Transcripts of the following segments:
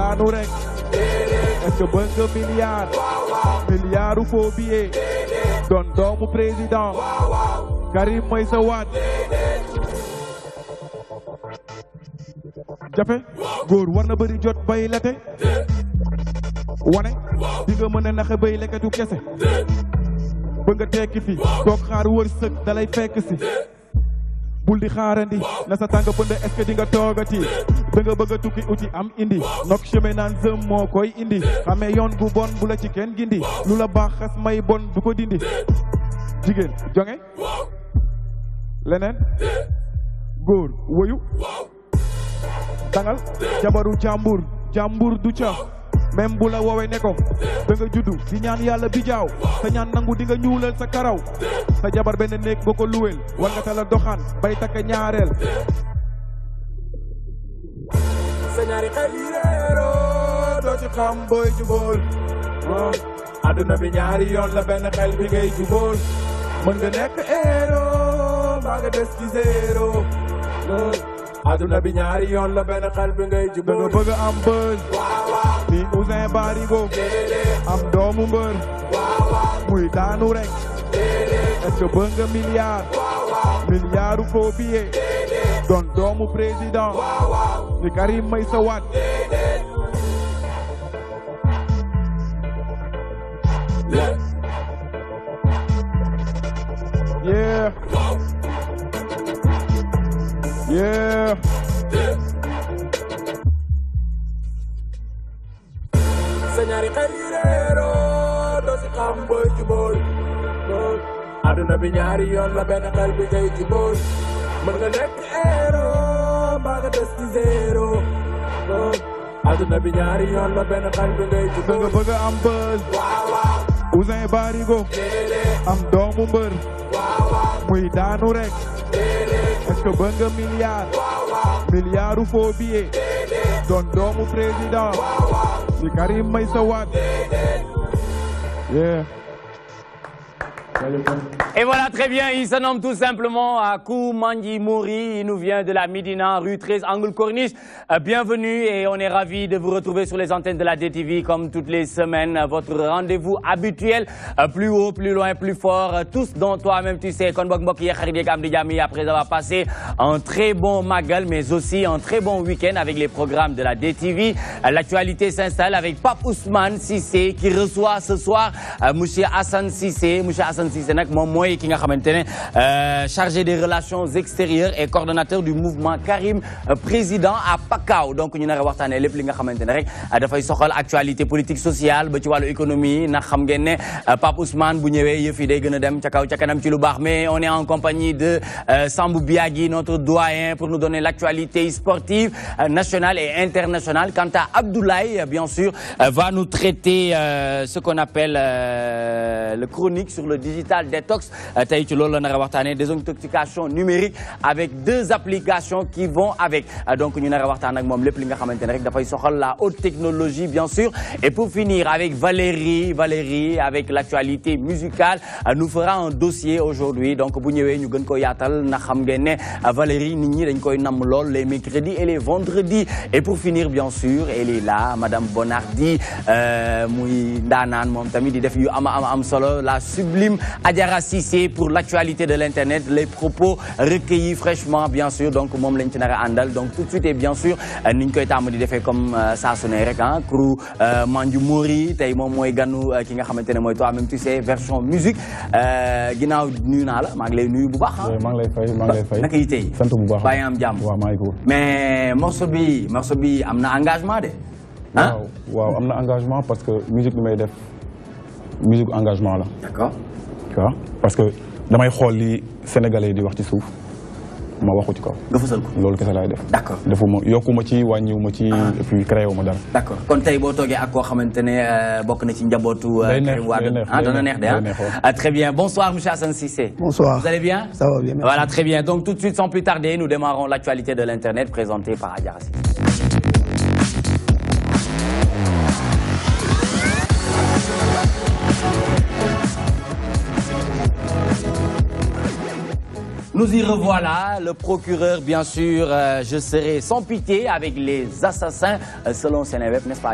daanu rek est-ce que bëgg nga doon doomu président Karim Meïssa Wade jafe góor war na bëri jot bay lete wane di mën a naxe bay leketu kese ba nga toog xaar wërsëg dalay fekk si bul di xaarandi na sa tàng pënd est-ce toogati ba nga bëgg uti am indi nok chemin nan koi mo koy indi xamee yoon bu bon bu la ci kenn gindi lula bax may bon du ko dindi Jigen, jonge lenen, gor woyu tangal jabaru jambur, jambur du ca même bu la wowe ne ko da nga juddu di ñaan yalla bi jaaw sa ñaan nangu di nga ñuulal sa karaw sa jabar benn nek boko luwel war nga tala doxan bay ñaarel sa ñaari xel yi réeroo xam booy jubóol waaw adduna bi ñaari yoon la benn xel bi ngay jubóol mën nga nekk héro mbaa nga des ci zéro adduna bi ñaari yoon la benn xel bi ngay jubóol nga bëgg am bër di Ouzin Barigo am doomu mbër muy daanu rek est-ce que bëgg nga milliard milliardu faux billet doon président The Karim is the Yeah. Yeah. Señari Carriero, dosi kamboy ci boy. Aduna bi ñaari yoon la benn xel bi jey ci boy. Mën nga nekk héros. mbagatës ci zéro oh, aduna bi ñaari yoon la benn xal bi ngay jubóo nga bëgg am bës Ouzin Barigo am doomu mbër muy daanu rek est-ce que bëgg nga milliard milliardu foo biyee doon doomu président di Karim Meïssa Wade yeah Et voilà, très bien, il se nomme tout simplement Akou Mandi Mouri. Il nous vient de la Midina, rue 13, Angle Corniche. Euh, bienvenue et on est ravis de vous retrouver sur les antennes de la DTV comme toutes les semaines. Votre rendez-vous habituel, euh, plus haut, plus loin, plus fort. Euh, tous dont toi-même, tu sais, après avoir passé un très bon magal, mais aussi un très bon week-end avec les programmes de la DTV. L'actualité s'installe avec Pape Ousmane Sissé qui reçoit ce soir Monsieur Hassan Sissé. Monsieur Hassan Aliou Cissé nag moom ki nga euh, chargé des relations extérieures et coordonnateur du mouvement Karim euh, président à Pakao donc ñu y a lepp li nga xamantene rek euh, da fay soxal actualité politique sociale ba ci walu économie nak xam ngeen ne Pape Ousmane bu ñëwee yëf yi day gëna dem ci kaw ci kanam ci lu bax mais on est en compagnie de Sambou Biagi, notre doyen pour nous donner l'actualité sportive nationale et internationale quant à Abdoulaye bien sûr va nous traiter ce qu'on appelle le chronique sur le digital digital détox euh, tey ci loolu la nar a désintoxication numérique avec deux applications qui vont avec euh, donc ñu nar a waxtaan ak moom lépp li nga xamante ne rek dafay soxal la haute technologie bien sûr et pour finir avec Valérie Valérie avec l'actualité musicale euh, nous fera un dossier aujourd'hui donc bu ñëwee ñu gën ko yaatal na xam ngeen ne Valérie nit ñi dañ koy nam lool les mercredis et les vendredis et pour finir bien sûr elle est là madame Bonardi muy ndaanaan moom tamit di def yu ama ama am solo la sublime Adjara Sissé pour l'actualité de l'Internet, les propos recueillis fraîchement, bien sûr. Donc, moom lañ ci donc tout de suite et bien sûr euh, ni ñu koy tàmm di defee comme ça euh, su ne rek ah crew euh, Mandu Mori tey moom mooy Ganou, ki nga xamante ne mooy toi-même tu sais version musique ginnaaw nuyu naa la maa ngi lay nuyu bu baax. Ah. maa ngi lay fay maa ngi lay fay naka yi tey. sant bu baax bàyyi am mais morceau bi morceau engagement de. ah waaw waaw am engagement parce que musique nous may def musique engagement la. d'accord tu vois parce que damay xool li sénégalais yi di wax ci ne ma waxu ci kaw. nga fësal ko loolu kese laay def. Je accord defuma yokkuma ci wàññiwuma ci. Ah. et puis créé D'accord. ma dara. d' accord kon tey boo toogee ak koo un ne euh, bokk na ci njabootu. Euh, day neex day neex ah dana ah. ah. très bien bonsoir monsieur Hassan Cissé. bonsoir vous allez bien. ça va bien merci. voilà très bien donc tout de suite sans plus tarder nous démarrons l'actualité de l'Internet présentée par Adja Rassi. Nous y revoilà. Le procureur, bien sûr, euh, je serai sans pitié avec les assassins, euh, selon Sénéweb, n'est-ce pas,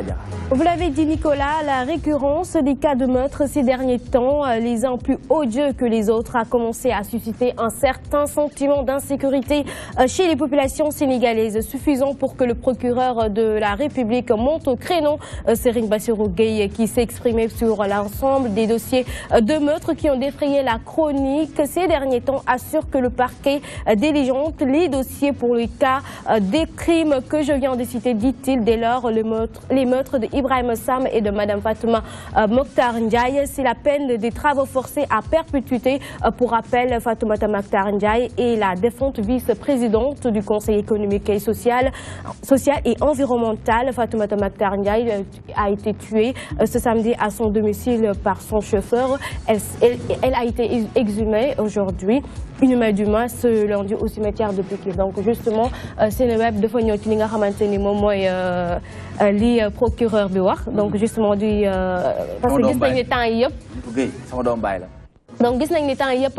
Vous l'avez dit, Nicolas, la récurrence des cas de meurtre ces derniers temps, euh, les uns plus odieux que les autres, a commencé à susciter un certain sentiment d'insécurité chez les populations sénégalaises, suffisant pour que le procureur de la République monte au créneau, serine Bassirou Gueye, qui s'est exprimé sur l'ensemble des dossiers de meurtre qui ont défrayé la chronique. Ces derniers temps, assure que le parquet diligente les dossiers pour le euh, cas des crimes que je viens de citer, dit-il. Dès lors, les meurtres, les de Ibrahim Sam et de Madame Fatouma euh, Mokhtar Ndiaye, c'est la peine des travaux forcés à perpétuité. Euh, pour rappel, Fatouma Mokhtar Ndiaye est la défunte vice-présidente du Conseil économique et social, et environnemental. Fatouma Mokhtar Ndiaye a été tuée ce samedi à son domicile par son chauffeur. elle a été exhumée aujourd'hui une inhumé d'humain ce lundi au cimetière de Pikine donc justement Seneweb dafa ñëw ci li nga xamante ni moom mooy euh, euh, li euh, procureur bi donc justement du parce que gis nañ ni temps yi yëpp sama doom baay la donc gis nañ ni temps yi yëpp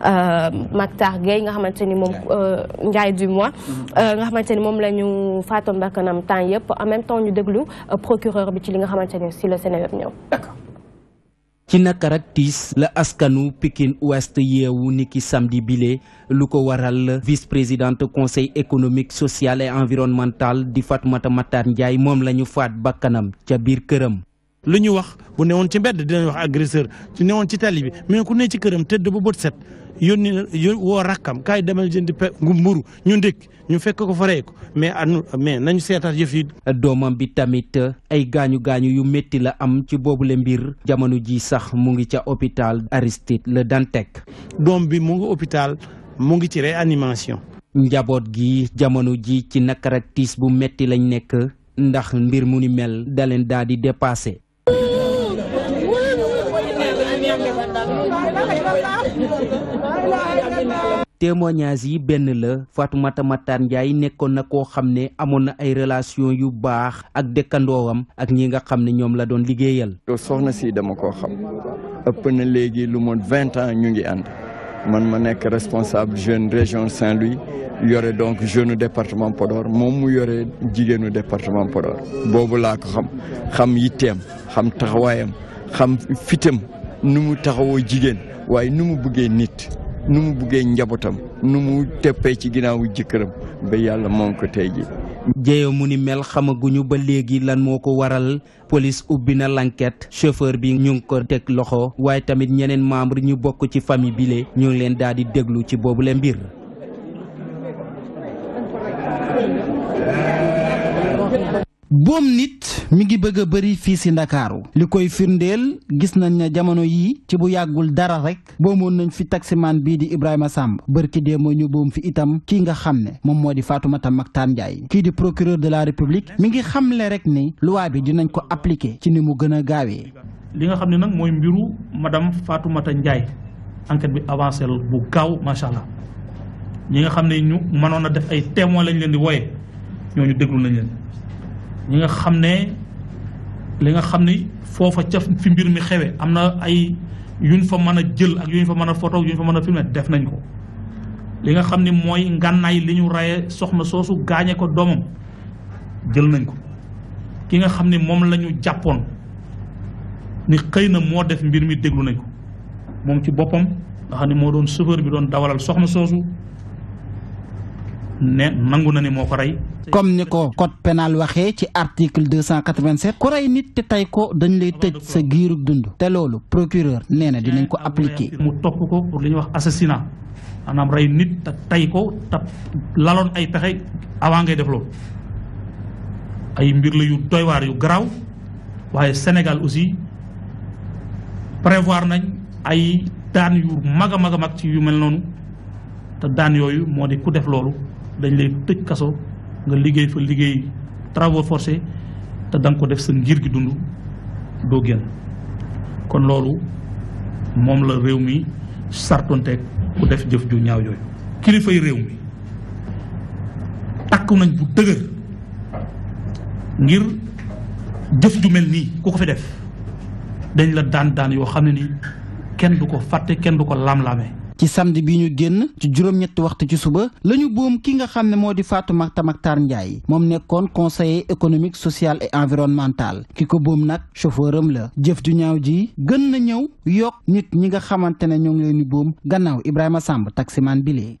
Euh, Mactar Gueye nga xamante ni moom Ndiaye euh, du mois mm-hmm. euh, nga xamante ni moom la ñu faatoon bakkanam temps yëpp en même temps ñu déglu procureur bi ci li nga xamante ni si la Seneweb ñëw ci naqar tiis la askanu Pikine Ouest yeewu niki samedi bile lu ko waral vice présidente conseil économique social et environnemental di Fatoumata Matar Ndiaye moom la ñu faat bakkanam ca biir këram. lu ñu wax bu newoon ci mbedd dinañ wax agresseur ci ci tali bi ku ne yónni na rakkam kaay demal jëndi pe ngu mburu ñu ndékk ñu fekk ko fa rey ko mais nañu seetaat yëf doomam bi tamit ay gaañu gaañu yu metti la am ci boobule mbir jamono ji sax mu ngi ca hôpital Aristide Le Dantec. doom bi mu ngi hôpital mu ngi ci réanimation. njaboot gi jamono ji ci nakar ak bu metti lañ nekk ndax mbir mu ni mel da leen daal di dépasé témoignage yi benn la Fatoumata Matar Ndiaye nekkoon na koo xam ne amoon na ay relation yu baax ak dëkkandoowam ak ñii nga xam ne ñoom la doon liggéeyal. soxna si dama koo xam ëpp na léegi lu moon vingt ans ñu ngi ànd man ma nekk responsable jeune région Saint-Louis yore donc jeune département Podor moom mu yore jigéenu département Podor boobu laa ko xam xam yitteem xam taxawaayam xam fitam nu mu jigéen waaye nu mu nit. nu mu buggee njabootam nu mu teppee ci ginnaawu jëkkëram ba yàlla moom ko tey ji mu ni mel xamaguñu ba léegi lan moo ko waral polis ubbi na l'enquête chauffeur bi ñu ngi ko teg loxo waaye tamit ñeneen membre ñu bokk ci famille bile ñu leen daal di déglu ci boobule mbir Bom nit mi ngi bëgg a bëri fii si ndakaaru li koy gis nañ ne jamono yi ci bu yagul dara rek boomoon nañ fi man bi di Ibrahima Samb bërki dee mo ñu bom fi itam ki nga xam mom modi di Fatoumata maktan jaay ki di procureur de la république mi ngi xamle rek ni loi bi dinañ ko appliquer ci ni mu gëna gaawé li nga xam nak moy mbiru madame Fatoumata njay enquête bi avancer bu gaaw macha allah ñi nga xam ñu mënoon def ay témoin lañ leen di ñoo ñu déglu nañ leen. ñi nga xam ne li nga xam ni foofa ca fi mbir mi xewe am na ay yuñ fa mën a jël ak yuñ fa mën a photo ak yuñ fa mën a filmer def nañ ko li nga xam ni mooy ngànnaay li ñu raye soxna soosu gaañe ko doomam jël nañ ko ki nga xam ni moom la jàppoon ni xëy na moo def mbir mi déglu nañ ko moom ci boppam nga moo doon chauffeur bi doon dawalal soxna soosu ne nangu na ni moo ko rey. comme ni ko code pénal waxee ci article 287 ku rey nit te tey ko dañ lay tëj sa giirug dund te loolu procureur nee na dinañ ko appliquer. mu topp ko pour li ñuy wax assassinat maanaam rey nit te tey ko te laloon ay pexe avant ngay def loolu ay mbir la yu doy yu garaaw waaye Sénégal aussi prévoir nañ ay daan yu mag a mag a ci yu mel noonu te daan yooyu moo di ku def loolu dañ lay tëj kaso nga liggéey fa liggéey travaux forcés te danga ko def sa ngir gi dund doo génn kon loolu moom la réew mi sartonteeg ku def jëf ju ñaaw yooyu kilifay réew mi takku nañ bu dëgër ngir jëf ju mel nii ku ko fi def dañ la daan daan yoo xam ne nii kenn du ko fàtte kenn du ko lam-lame ci samedi bi ñu génn ci juróom-ñetti waxtu ci suba la ñu boom ki nga xam ne moo di Fatou Makta Maktar Ndiaye moom nekkoon conseiller économique sociale et environnemental ki ko boom nag chauffeur am la jëf ju ñaaw ji gën na ñëw yokk nit ñi nga xamante ne ñoo ngi leen boom gannaaw Ibrahima Samb taximan bi lee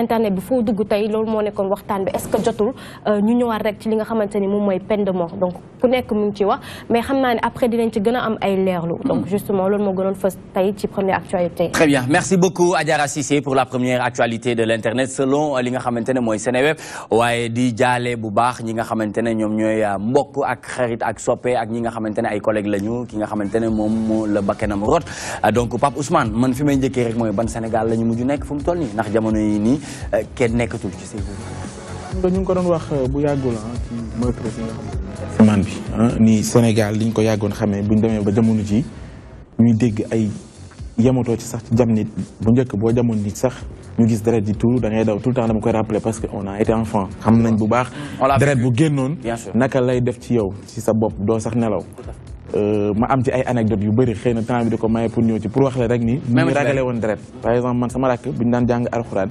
internet bi fo dugg tay lolou mo nekkoon waxtan bi est-ce que jotul euh, ñu ñëwaat rek ci li nga xamante ni moy peine de mort donc ku nekk mu ngi ci wax mais xamna ni ne après dinañ ci gëna am ay leerlu hmm. donc justement lolou mo gënoon fës tay ci première actualité très bien merci beaucoup Adjara Cissé pour la première actualité de l'internet selon euh, li nga xamante moy mooy Seneweb waaye di jalé bu baax ñi nga xamante ñom ñoy euh, mbokk ak xarit ak soppé ak ñi nga xamante ay collègues lañu ki nga xamante ne moom moo la rot donc Pape Ousmane man fi may njëkkee rek moy ban Sénégal lañu muju nekk fu mu toll nii ndax jamono yi ni kenn nekkatul ci seen bopp. ñu ngi ko doon wax euh, bu yàggul ah bi nga xam man bi ah, ni Sénégal liñ ko yàggoon xamee buñ demee ba jamono ji ñuy dégg ay yematoo ci sax jam nit bu boo jamono nit sax. ñu gis deret di tuuru da ngay daw tout le temps dama koy rappeler parce que on a été bu baax. deret naka lay def ci yow ci sa bopp doo sax nelaw. Euh, ma am ci ay yu bëri xëy na temps bi di ko maye pour ñëw wax la rek ni. woon deret par sama rakk bu ñu daan jàng alxuraan.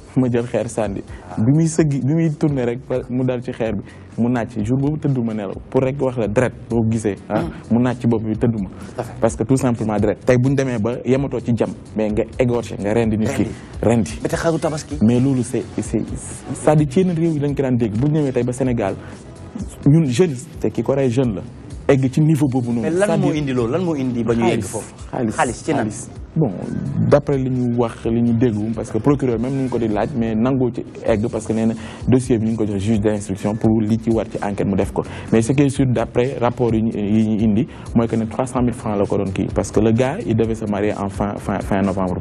ma jël xeer sànni ah. bi muy sëggi bi muy tourné rek mu dal ci xeer bi mu nàcc jour boobu tëdduma nelaw pour rek wax la dret boo gisee ah hmm. mu nàcc bopp bi ma parce que tout simplement dret tey bu ñu demee ba yematoo ci jam mais nga égorgé nga rendi nit ki rendi mais loolu c'est c'est c'est-à-dire ci yeneen réew yi lañ ko daan dégg bu ñu ñëwee tey ba Sénégal ñun jeune te ki ko rey jeune la egg ci niveau boobu noonu mais moo indi loolu lan moo indi ba ñu yegg foofu xaalis xaalis bon d'après ce ñu wax li déggu parce que procureur même nous ñu ko di laaj mais nangoo ci egg parce que le dossier est venu juge d'instruction pour li ci l'enquête. mais ce qui est sûr d'après rapport yi ñu indi mooy que 300 000 francs la ko parce que le gars il devait se marier en fin fin fin novembre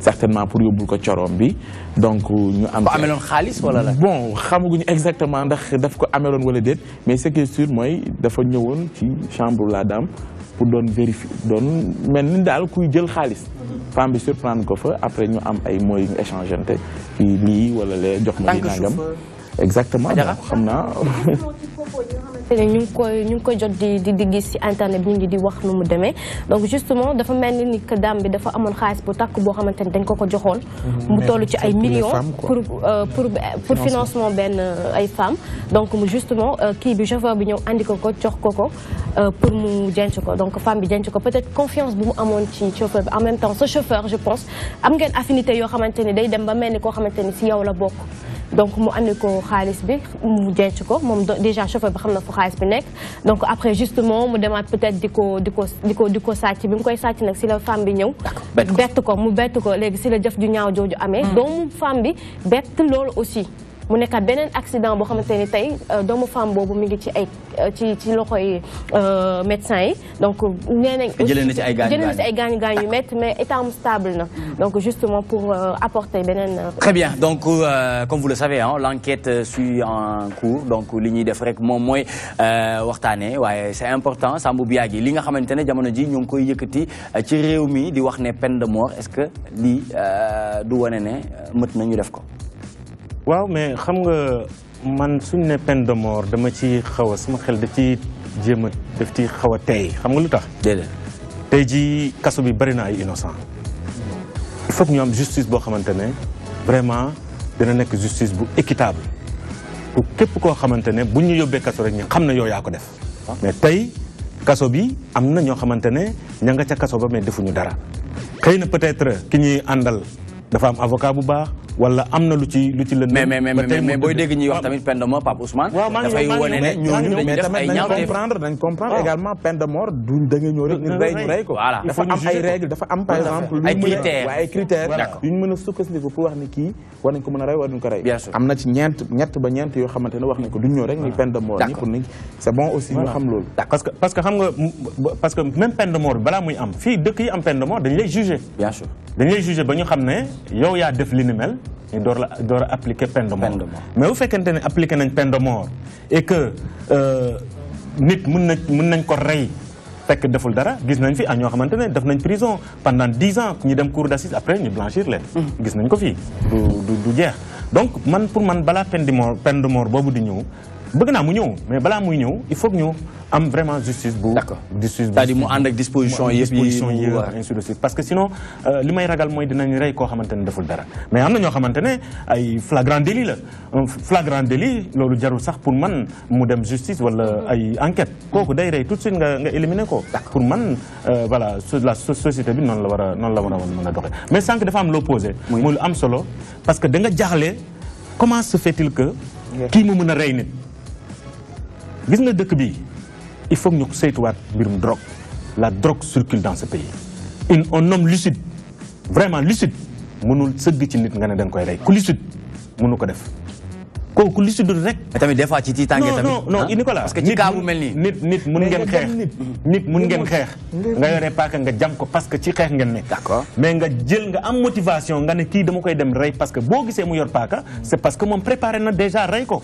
certainement pour le ko de bi donc ñu am ameloon Khalis, wala la bon ne exactement ndax daf ko amelon wala mais ce qui est sûr mooy dafa ñëwoon ci chambre la dame pour doon vérifier don mel ni daal kuy jël xaalis femme bi surprendre ko fa après ñu am ay moy yu ñu échangeante ci lii wala le jox ma li nangam exactement xamna xamante ne ñu ko koy ñu ngi jot di di di gis ci internet ñu ngi di wax nu mu donc justement dafa melni ni que dame bi dafa amone xaliss bu tàkk bo xamanteni dañ ko ko joxoon mu tollu ci ay millions pour euh, pour euh, pour financement ben ay femmes donc mu justement ki bi chauffeur bi ñeu andi ko ko jox ko ko pour mu denc ko donc femme bi denc ko peut-être confiance bu mu amone ci chauffeur bi en même temps ce chauffeur je pense am ngeen affinité yo xamanteni day dem ba melni ko xamanteni xamante si yow la bok donc mu andi ko xaliss bi mu denc ko mom déjà chauffeur bi xam na xaalis bi nekk donc après justement mu demat peut-être diko diko diko ko di ko di bi ngoy koy nak si la femme bi ñew bet ko mu bet ko legui si la jëf ju ñaaw jooju amee hmm. doomu femme bi bet lool aussi mu nekkaat beneen accident boo xamante ni tey euh, doomu femme boobu mi ngi ci ay euh, ci ci loxoy euh, médecin yi donc nee nañ jëlee na ci ay gaañu gaañu yu métti mais état am stable na donc justement pour apporter beneen très bien donc comme vous le savez ah hein, l' enquête suit en cours donc li ñuy def rek moom mooy waxtaanee waaye c' est important Sambou Biagui li nga xamante ne jamono ji ñu ngi koy yëkkati ci réew mi di wax ne peine de mort est ce que lii du wane ne mët na ñu def ko waaw mais xam nga man suñ ne peine de mort dama ci xaw a suma xel def ci jéem a daf ci xaw a tey xam nga lu tax. déedéet tey jii kaso bi bari na ay innocent il faut que ñu am justice boo xamante ne vraiment dina nekk justice bu équitable pour képp koo xamante ne bu ñu yóbbee kaso rek ñu xam na yow yaa ko def. mais tey kaso bi am na ñoo xamante ne ña nga ca kaso ba mais defuñu dara. xëy na peut-être ki ñuy àndal dafa am avocat bu baax. wala amna lu ci lu ci la. mais mais mais mais boy dégg ñi wax tamit peine de mort Pape Ousmane. da fay woné né ñu ñu ñooñu dañuy def dañu comprendre dañu comprendre également peine de mort duñ da nga ñëw rek ñu ray ñu rey ko. voilà dafa am ay règles dafa am par exemple. ay critères ay critères. ñu mëna a sukkandiku pour wax ni ki war nañ ko mëna ray war ñu ko ray amna ci ñeent ñett ba ñeent yo xamantene wax nañ ko duñ ñëw rek ni peine de mort. d' accord ni c'est bon aussi ñu xam lool parce que parce que xam nga parce que même peine de mort bala muy am fi dëkk yi am peine de mort dañ lay juger. bien sûr dañ lay juger ba ñu xam né yow ya def li ni mel doivent appliquer la appliquer peine de mort mais vous faites qu'on appliquent la peine de mort et que euh, nit gens na mën nañ ko rey fekk deful dara gis nañ fi a ah, ñoo def nañ prison pendant 10 ans ñu dem cour d'assises après ñu blanchir les mm-hmm. gis nañ ko fi du du donc man pour man la peine de mort peine de mort bobu di bëgg naa mu ñëw mais balaa muy ñëw il faut que ñu am vraiment justice bu. d'accord justice c'est-à-dire mu ànd ak disposition yëpp yi ainsi de suite parce que sinon euh, li may ragal mooy dinañ rey koo xamante ne deful dara mais am na ñoo xamante ne ay flagrant délit la flagrant délit loolu jarul sax pour man mu dem justice wala ay enquête kooku day rey tout de suite nga nga éliminer ko. pour man euh, voilà la société bi noonu la war a noonu la war a mën a doxee mais sànq dafa am l'opposé. muy lu am solo parce que da nga jaaxle comment se fait-il que kii mu mën a rey nit gis nga dëkk bi il faut que nous sachions drogue la drogue circule dans ce pays une un homme lucide vraiment lucide mënul sëgg ci nit nga ne dañ koy il ku lucide mënu ko def kooku li si dul rek. mais tamit des ci tiitaange tamit. Nicolas. Ah? que ci nit mun ngeen xeex. nit mun ngeen xeex. nga yore paaka nga jam ko parce que ci xeex ngeen ne. mais nga jël nga am motivation nga ne kii dama koy dem rey parce que boo gisee mu yor paaka. c'est parce que moom préparé na déjà rey ko.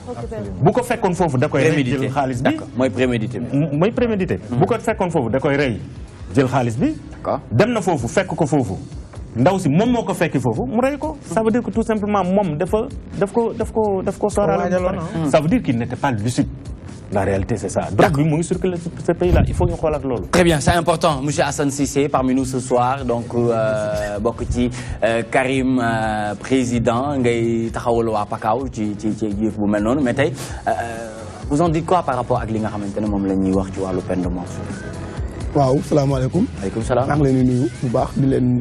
da koy rey jël xaalis bi. mooy prémédité. mooy prémédité. bu ko fekkoon foofu da koy rey jël xaalis bi. dem na foofu fekk ko foofu. ndaw si moom moo ko fekki foofu mu rey ko ça veut dire que tout simplement mom dafa daf ko daf ko daf ko sooraale ça veut dire qu'il n'était pas lucide la réalité c'est ça donc lui mu ngi circulé ce pays là il faut ñu xoolaat lolu très bien c'est important monsieur Hassan Cissé parmi nous ce soir donc euh, bokk ci euh, Karim euh, président ngay taxawul wa Pakaw ci ci ci yëf bu mel non mais tey vous en dites quoi par rapport ak li nga xamantene mom lañ la ñuy wax ci walu peine waaw salam alaykoum alaykoum salam ngi leen nuyu bu baax di leen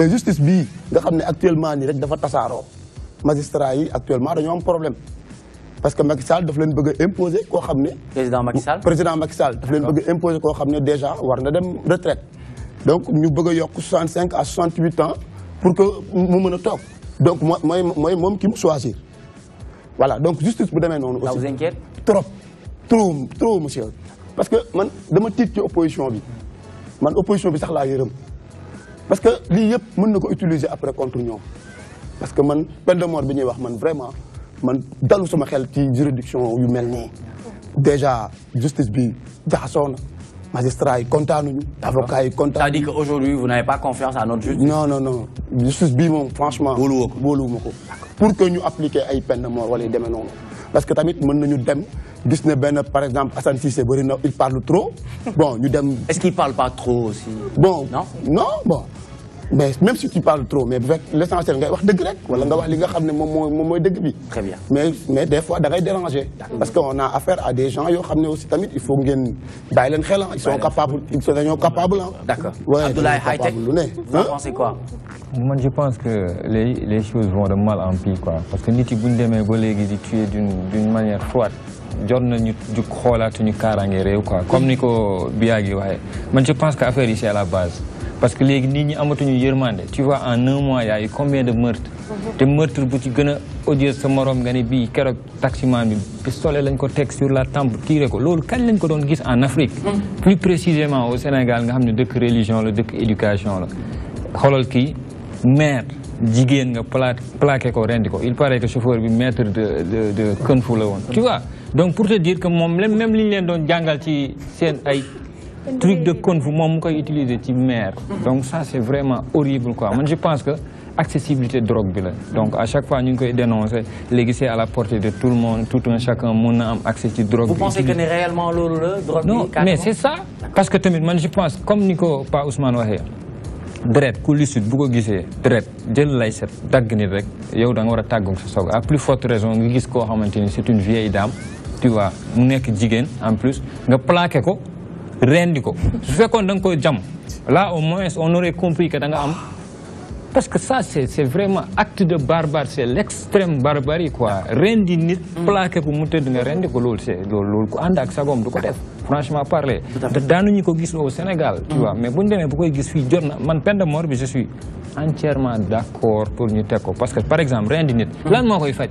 la justice bii nga xamné actuellement ni rek dafa tassaro magistrat yi actuellement dañu am problème parce que Macky Sall daf leen bëgg a imposer koo président Macky Sall président Macky Sall daf leen bëgg a imposer koo xam déjà war na dem retraite donc ñu bëgg a 65 à 68 ans pour que mu mëna top donc moy moy qui ki mu choisir voilà donc justice bu demee non aussi vous inquiète trop trop trop monsieur. parce que man dama tiit ci opposition bi man opposition bi sax la yërëm parce que li yep, mën peut utiliser après contre nous. parce que man peine de mort bi man vraiment man dalu sama xel ci juridiction humaine. Déjà, la déjà justice bi jaxasoo Les magistrats yi Les avocats yi contents. c'est-à-dire qu'aujourd'hui, vous n'avez pas confiance à notre justice. non non non justice bi moom franchement. pour que nous appliquions ay peine de mort wala yu parce que tamit mën nañu dem gis ne benn par exemple à Cissé bëri na il parle trop. bon ñu dem. est-ce qu'il parlent pas trop aussi. bon non non bon mais même si tu parles trop mais avec l'essentiel nga wax deug rek wala nga wax li nga xamné mom moy mooy bi très bien mais mais des fois da ngay déranger parce que on a affaire à des gens yo xamné aussi tamit il faut ngeen bay xel hein. ils sont capables hein. ils sont dañoo capables d'accord Abdoulaye High Tech vous hein. pensez quoi moi je pense que les les choses vont de mal en pire quoi parce que nit yi buñ démé collègues ba léegi di tuer d'une d'une manière froide jot nañu juk xolaatuñu karangé rew quoi comme niko Biagi biyaagi je pense que affaire ici à la base parce que léegi nit ñi amatuñu yermande tu vois en un mois il y a eu combien de meurtres. Mhm. te meurtres bu ci gëna a odieux sa morom nga bi kérok taxi man bi pistolet lañ ko tek sur la tempe tiré ko loolu kañ lañ ko don gis en Afrique. Mhm. plus précisément au Sénégal nga xamni ne religion la dëkk éducation la xolal ki maire jigen nga plaqué ko rendiko il paraît que chauffeur bi maître de de de kung fu la won tu vois donc pour te dire que mom même liñ ñu leen doon jàngal ci sen ay truc de con, vous m'avez koy utiliser ci donc ça c'est vraiment horrible quoi Moi je pense que accessibilité drogue bi là. donc à chaque fois nous avons koy dénoncer c'est à la portée de tout le monde tout un chacun mon na am accès ci drogue vous pensez que c'est réellement le le drogue non mais c'est ça parce que moi je pense comme Nico pas Ousmane Wahé, deret beaucoup beaucoup bu ko gisee deret jël lay set dagg nit rek yow a plus forte raison nga c'est une vieille dame tu vois mu une dame en plus nga plaqué quoi rendi ko su fekkoon da nga ko jam là au moins on aurait compris que da nga am parce que ça c'est c'est vraiment acte de barbare c'est l'extrême barbarie quoi rendi nit plaqué ko monter de nga rendi ko loolu c'est loolu loolu ku ànd ak gomme du ko def franchement parler te daanuñu ko au Sénégal tu vois mais bon, mais pourquoi bu koy gis na man peine de mort je suis entièrement d'accord pour ñu teg ko parce que par exemple rien rendi nit lan moi, koy fait...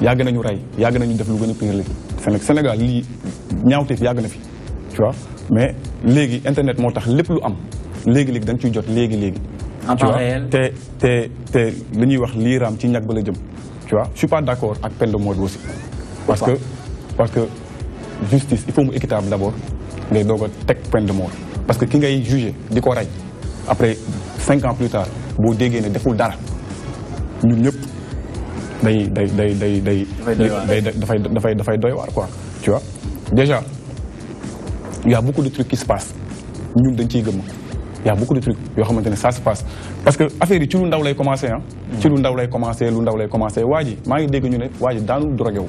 yàgg nañu ray yàgg nañu def lu gëna a pire léegi Sénégal lii ñaawteef yàgg na fi tu vois mais légui internet motax lepp lu am légui légui da nga ciy jot légui léegi tu vois te té té li ñuy wax lii raam ci ñag ba la jëm tu vois je suis pas d'accord accord ak peine de mort aussi parce que parce que justice il faut mu équitable d'abord ngay dogo tek peine de mort parce que ki ngay juger diko ko après cinq ans plus tard boo déggee né deful dara ñun ñëpp day day day day day. dafay dafay dafay doy waar quoi tu vois déjà y' a beaucoup de trucs qui se ñun dañ ciy gëm y' a beaucoup de trucs yoo xamante ne ça se passe parce que yi ci lu ndaw lay commencé ah. ci lu ndaw lay commencé lu ndaw lay commencé waa ji maa ngi dégg ñu ne waa ji daanul drogué wu.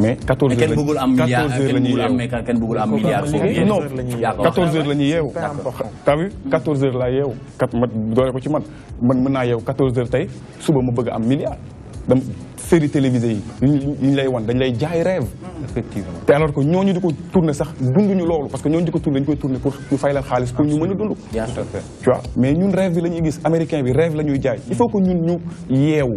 mais 14 heures kenn bëggul am milliard kenn bëggul am milliard non 14 heures la yeewu t'as ci man man mën naa yeewu heures tey suba ma bëgg am milliard dam série télévisée yi ñu lay wan dañ lay jaay rêve effectivement te alors ko ñooñu di ko tourné sax ñu loolu parce que ñooñu di ko tourné dañu koy pour ñu fay leen xaalis pour ñu mën a dund tu vois mais ñun rêve bi la ñuy américain bi rêve la ñuy jaay il faut que ñun ñu yeewu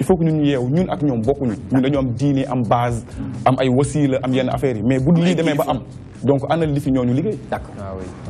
il faut que ñun ñu yeewu ñun ak ñoom bokkuñu ñun dañoo am diine am base am ay wasiila am yenn affaires yi mais bu lii demee ba am donc ana li fi ñooñu liggéey d'accord ah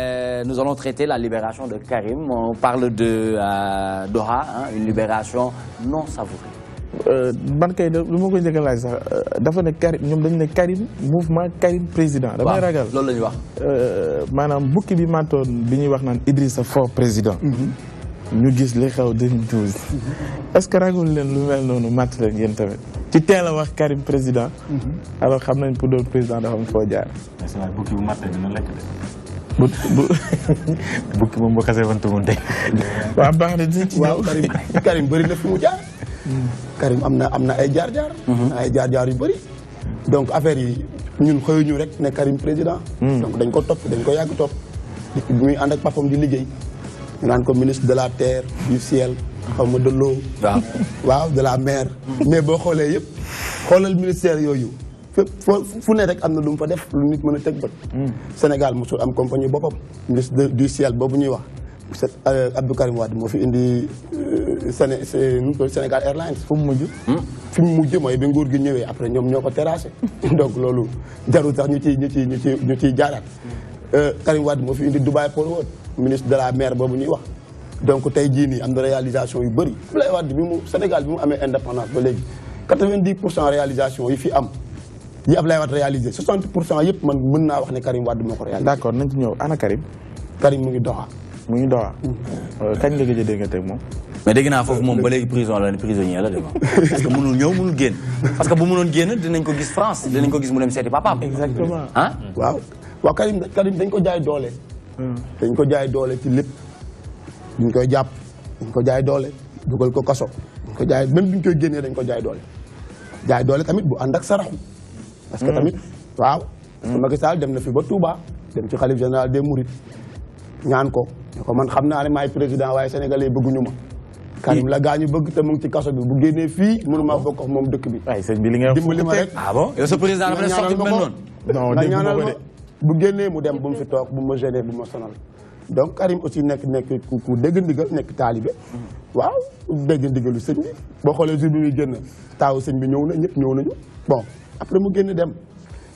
Euh, nous allons traiter la libération de Karim. On parle de euh, Dora, hein, une libération non savourée. Euh, man kay lu ma ko njëkk a laaj dafa ne Karim ñoom dañu ne Karim mouvement Karim président. damay ragal loolu la ñuy wax. maanaam bukki bi màntoon bi ñuy wax naan Idrissa Faure président. Mhm. ñu gis li xew 2012. Mhm. est-ce que ragal leen lu mel noonu màtt leen yéen tamit. ci teel a wax Karim président. Mhm. alors xam nañ pour doon président dafa am foo jaar. bukki bu màtt dina lekk de. bu bu moom boo xasee wantu mu de. waaw baax na dinañ ci ñëw Karim Karim bëri na fi mu Karim am na am na ay jaar-jaar. Mhm. ay jaar-jaar yu bëri. donc affaire yi ñun xëyuñu rek ne Karim président. Mhm. donc dañ ko topp dañ ko yàgg topp. depuis muy ànd ak papam di liggéey. ñu naan ko ministre de la terre du ciel. xaw ma de l'eau. waaw waaw de la mer. Mhm. mais boo xoolee yëpp xoolal ministère yooyu. fépp ne rek amna na lu fa def lu nit meuna tek teg hmm. Sénégal mosul am compagnie bopam ministre du ciel boobu ñuy wax. Euh, Abdou Karim Wade mo fi indi euh, senegal Sénégal Airlines fu mu mujj. Hmm? fi mu mujj mooy bi nguur gi ñewé après ñom ñoko terrasser donc lolu jaru tax ñu ci ñu ci ñu ci ñu hmm. euh, Karim Wade mo fi indi Dubai pour World ministre de la mer boobu ñuy wax. donc tay jii nii am réalisation yu bari Abdoulaye Wade bi mu Sénégal bi mu amee indépendance ba légui 90 réalisation yi fi am. yi Ablaye wat réaliser 60 pour man mën na wax né Karim Wade moko réaliser d'accord nañ ci ñëw ana Karim. Karim mu ngi doxa. mu ngi doxa. Mm. Euh, kañ nga gëj a dégg teg moom. mais dégg naa foofu moom ba léegi prison la ne prisonnier la de parce que mënul ñëw mënul génn parce que bu mënoon génn dinañ ko gis France dinañ ko gis mu dem seeti papaam. exactement ah. waaw waaw Karim Karim dañ ko jaay doole. Hmm. dañ ko jaay doole ci lépp. duñ koy jàpp dañ ko jaay doole dugal ko kaso. dañ ko jaay même duñ koy génnee dañ ko jaay doole. jaay doole tamit bu ànd ak saraxu. parce que mm-hmm. tamit waaw. parce que mm-hmm. Macky Sall dem na fi ba Touba dem ci xalif général de Mourides ñaan ko ne man xam naa ne maay président waaye sénégalais bëgguñu ma. Karim la gaañu bëgg te mu ngi ci kaso bi bu génnee fii mënuma ah bokk moom dëkk bi. ay sëñ bi li nga dimbali ma rek ah bon yow sa président dafa ne génnee mu dem bu mu fi toog bu ma gêné bu ma sonal. donc Karim aussi nekk nekk ku dégg ndigal nekk taalibe mm-hmm. waaw dégg ndigalu sëñ bi boo xoolee jour bi muy génn taawu sëñ bi ñëw na ñëpp ñëw nañu bon. après mu génn dem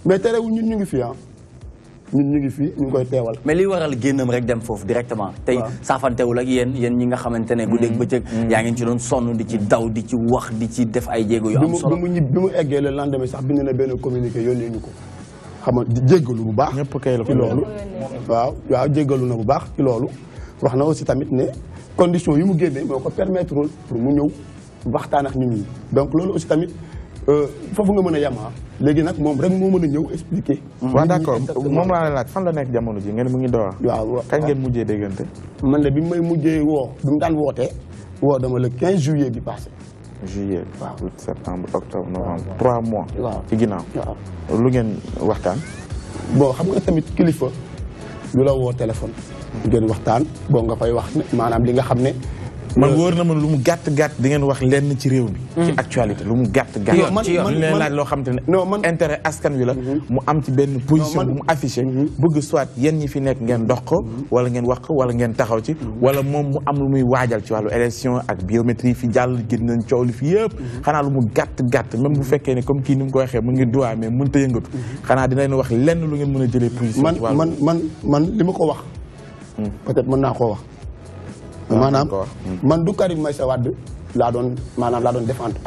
mais terewul ñun ñu ngi fi ah ñun ñu ngi fi ñu ngi koy teewal. mais li waral génnam rek dem foofu directement. tey saafantewul ak yéen yéen ñi nga xamante ne. guddeeg mm-hmm. bëccëg mm-hmm. yaa ngeen ci doon sonn di ci daw di ci wax di ci def ay jéego yu am solo. bi mu mu eggee le lendemain sax bind na benn communiqué yónnee ñu ko. xam nga di jéggalu bu baax. ñëpp kay la ko ci loolu. waaw waaw jéggalu na bu baax ci loolu. wax na aussi tamit ne condition yi mu génnee moo ko permettre pour mu ñëw waxtaan ak nit ñi donc loolu aussi tamit. Euh, foofu nga mën a yem ah. léegi nag moom rek moo mën a ñëw expliquer. waaw d'accord moom laa la laaj fan la nekk jamono ji ngeen mu ngi door. waaw waaw kañ ngeen mujjee déggante. man de bi may mujjee woo bi mu daan wootee woo dama le 15 juillet bi passé. juillet août septembre octobre novembre trois mois. waaw ci ginaaw lu ngeen waxtaan. boo xam nga tamit kilifa lu la woo téléphone. ngeen waxtaan boo nga koy wax maanaam li nga xam ne. man wóor na man lu mu gàtt gàtt di ngeen wax lenn ci réew mi. ci mm. actualité lu mu gàtt gàtt. ci leen laaj loo xam te ne intérêt askan wi la. Mm-hmm. mu am ci benn position bu mu affiché. Mm-hmm. bëgg soit yéen ñi fi nekk ngeen dox ko. Mm-hmm. wala ngeen wax ko ngeen taxaw ci. wala moom mu am lu muy waajal ci wàllu élection ak biométrie fi jàll génn nañ coow li fi yëpp. xanaa lu mu gàtt gàtt même bu fekkee ne comme kii ni mu ko waxee mu ngi duwaa mais mënut a yëngatu. xanaa dinañ wax lenn lu ngeen mën a jëlee position. ci wàllu man man man li ma ko wax. Mm. peut-être mën koo wax Ah, maanaam hmm. man du Karim sawaat Wade laa doon maanaam laa doon défendre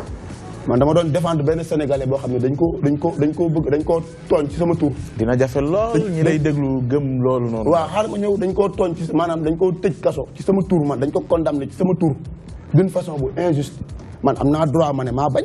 man dama doon défendre benn sénégalais boo xam ne dañ ko dañ ko dañ koo bëgg dañ koo tooñ ci sama tur dina jafe lool ñi lay déglu gëm loolu noonu waa xaaral ma ñëw dañ koo tooñ ci maanaam dañ koo tëj kaso ci sama tur man dañ ko condamné ci sama tur d'une façon bu injuste man am naa droit ma ne maa bañ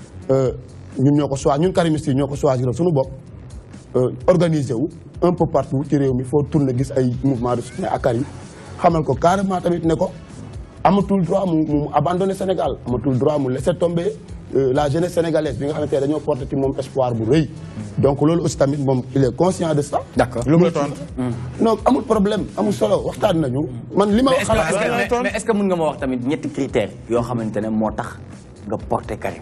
Euh, ñun nous reçoit, nous ñun karimistes yi ñoo ko choisir suñu bopp euh, organisé wu un peu partout ci réew mi foo tourné gis ay mouvement de soutien ak Karim xamal ko carrément tamit ne ko amatul droit mu mu abandonné Sénégal amatul droit mu laisser tomber euh, la jeunesse sénégalaise bi nga xamante ne dañoo porté ci espoir bu donc loolu aussi tamit moom il est conscient de ça. D'accord. Le lu non amul problème amul solo waxtaan nañu. man li mais est ce que mën nga ma wax tamit ñetti critères yoo xamante ne moo tax le porté Karim.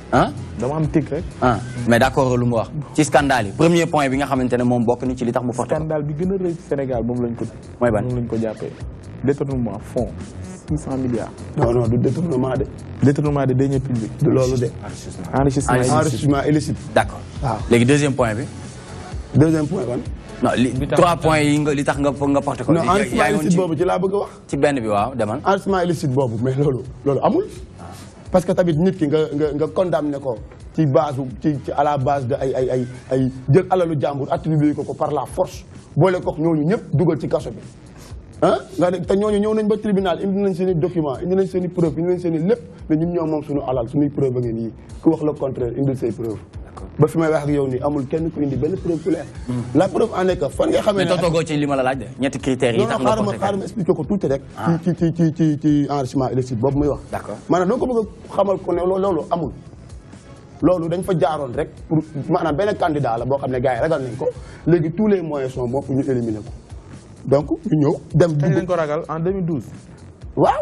ah dama am tig rek ah mais d'accord lu mu wax ci scandale yi premier point bi nga xamantene mom bok ni ci li tax mu porté scandale bi gën a Sénégal mom lañ ko mooy ban moom lañ ko jappé détournement fonds six milliards non non du détournement de détournement de deniers publics du loolu de enrichissement illicite d'accord waaw ah. léegi deuxième point bi deuxième point ban non li trois points yi nga li tax nga nga porte ko non enrichissement illicite bobu ci la bëgg wax ci benn bi waaw demal enrichissement illicite bobu mais lolu lolu amul parce que tamit nit ki nga nga nga condamné ko ci base ci ci à la base de ay ay ay ay jël alalu jàmbur attribué ko ko par la force boole ko ñooñu ñëpp dugal ci kaso bi. ah nga ne te ñooñu ñëw nañ ba tribunal indi nañ seen i document indi nañ seen i preuve indi nañ seen lépp ne ñun ñoo moom suñu alal suñuy preuve a ngeen yi ku wax le contraire indil say preuve. ba fi may wax ak yow nii amul kenn ku indi benn preuve ku leer hmm. la preuve fan nga xamee ne mais toogoo ci li ma la laaj de ñetti critères yi tax nga xaaral ma expliqué ko tuuti rek ah. ci ci ci ci ci enrichissement illicite boobu muy wax d'accord maanaam danga ko bëgg a xamal ko ne loolu amul loolu dañ fa jaaroon rek pour maanaam benn candidat la boo xam ne gars yi ragal nañ ko léegi tous les moyens sont bons pour ñu éliminer ko donc ñu ñëw dem dugg ko ragal en 2012 waaw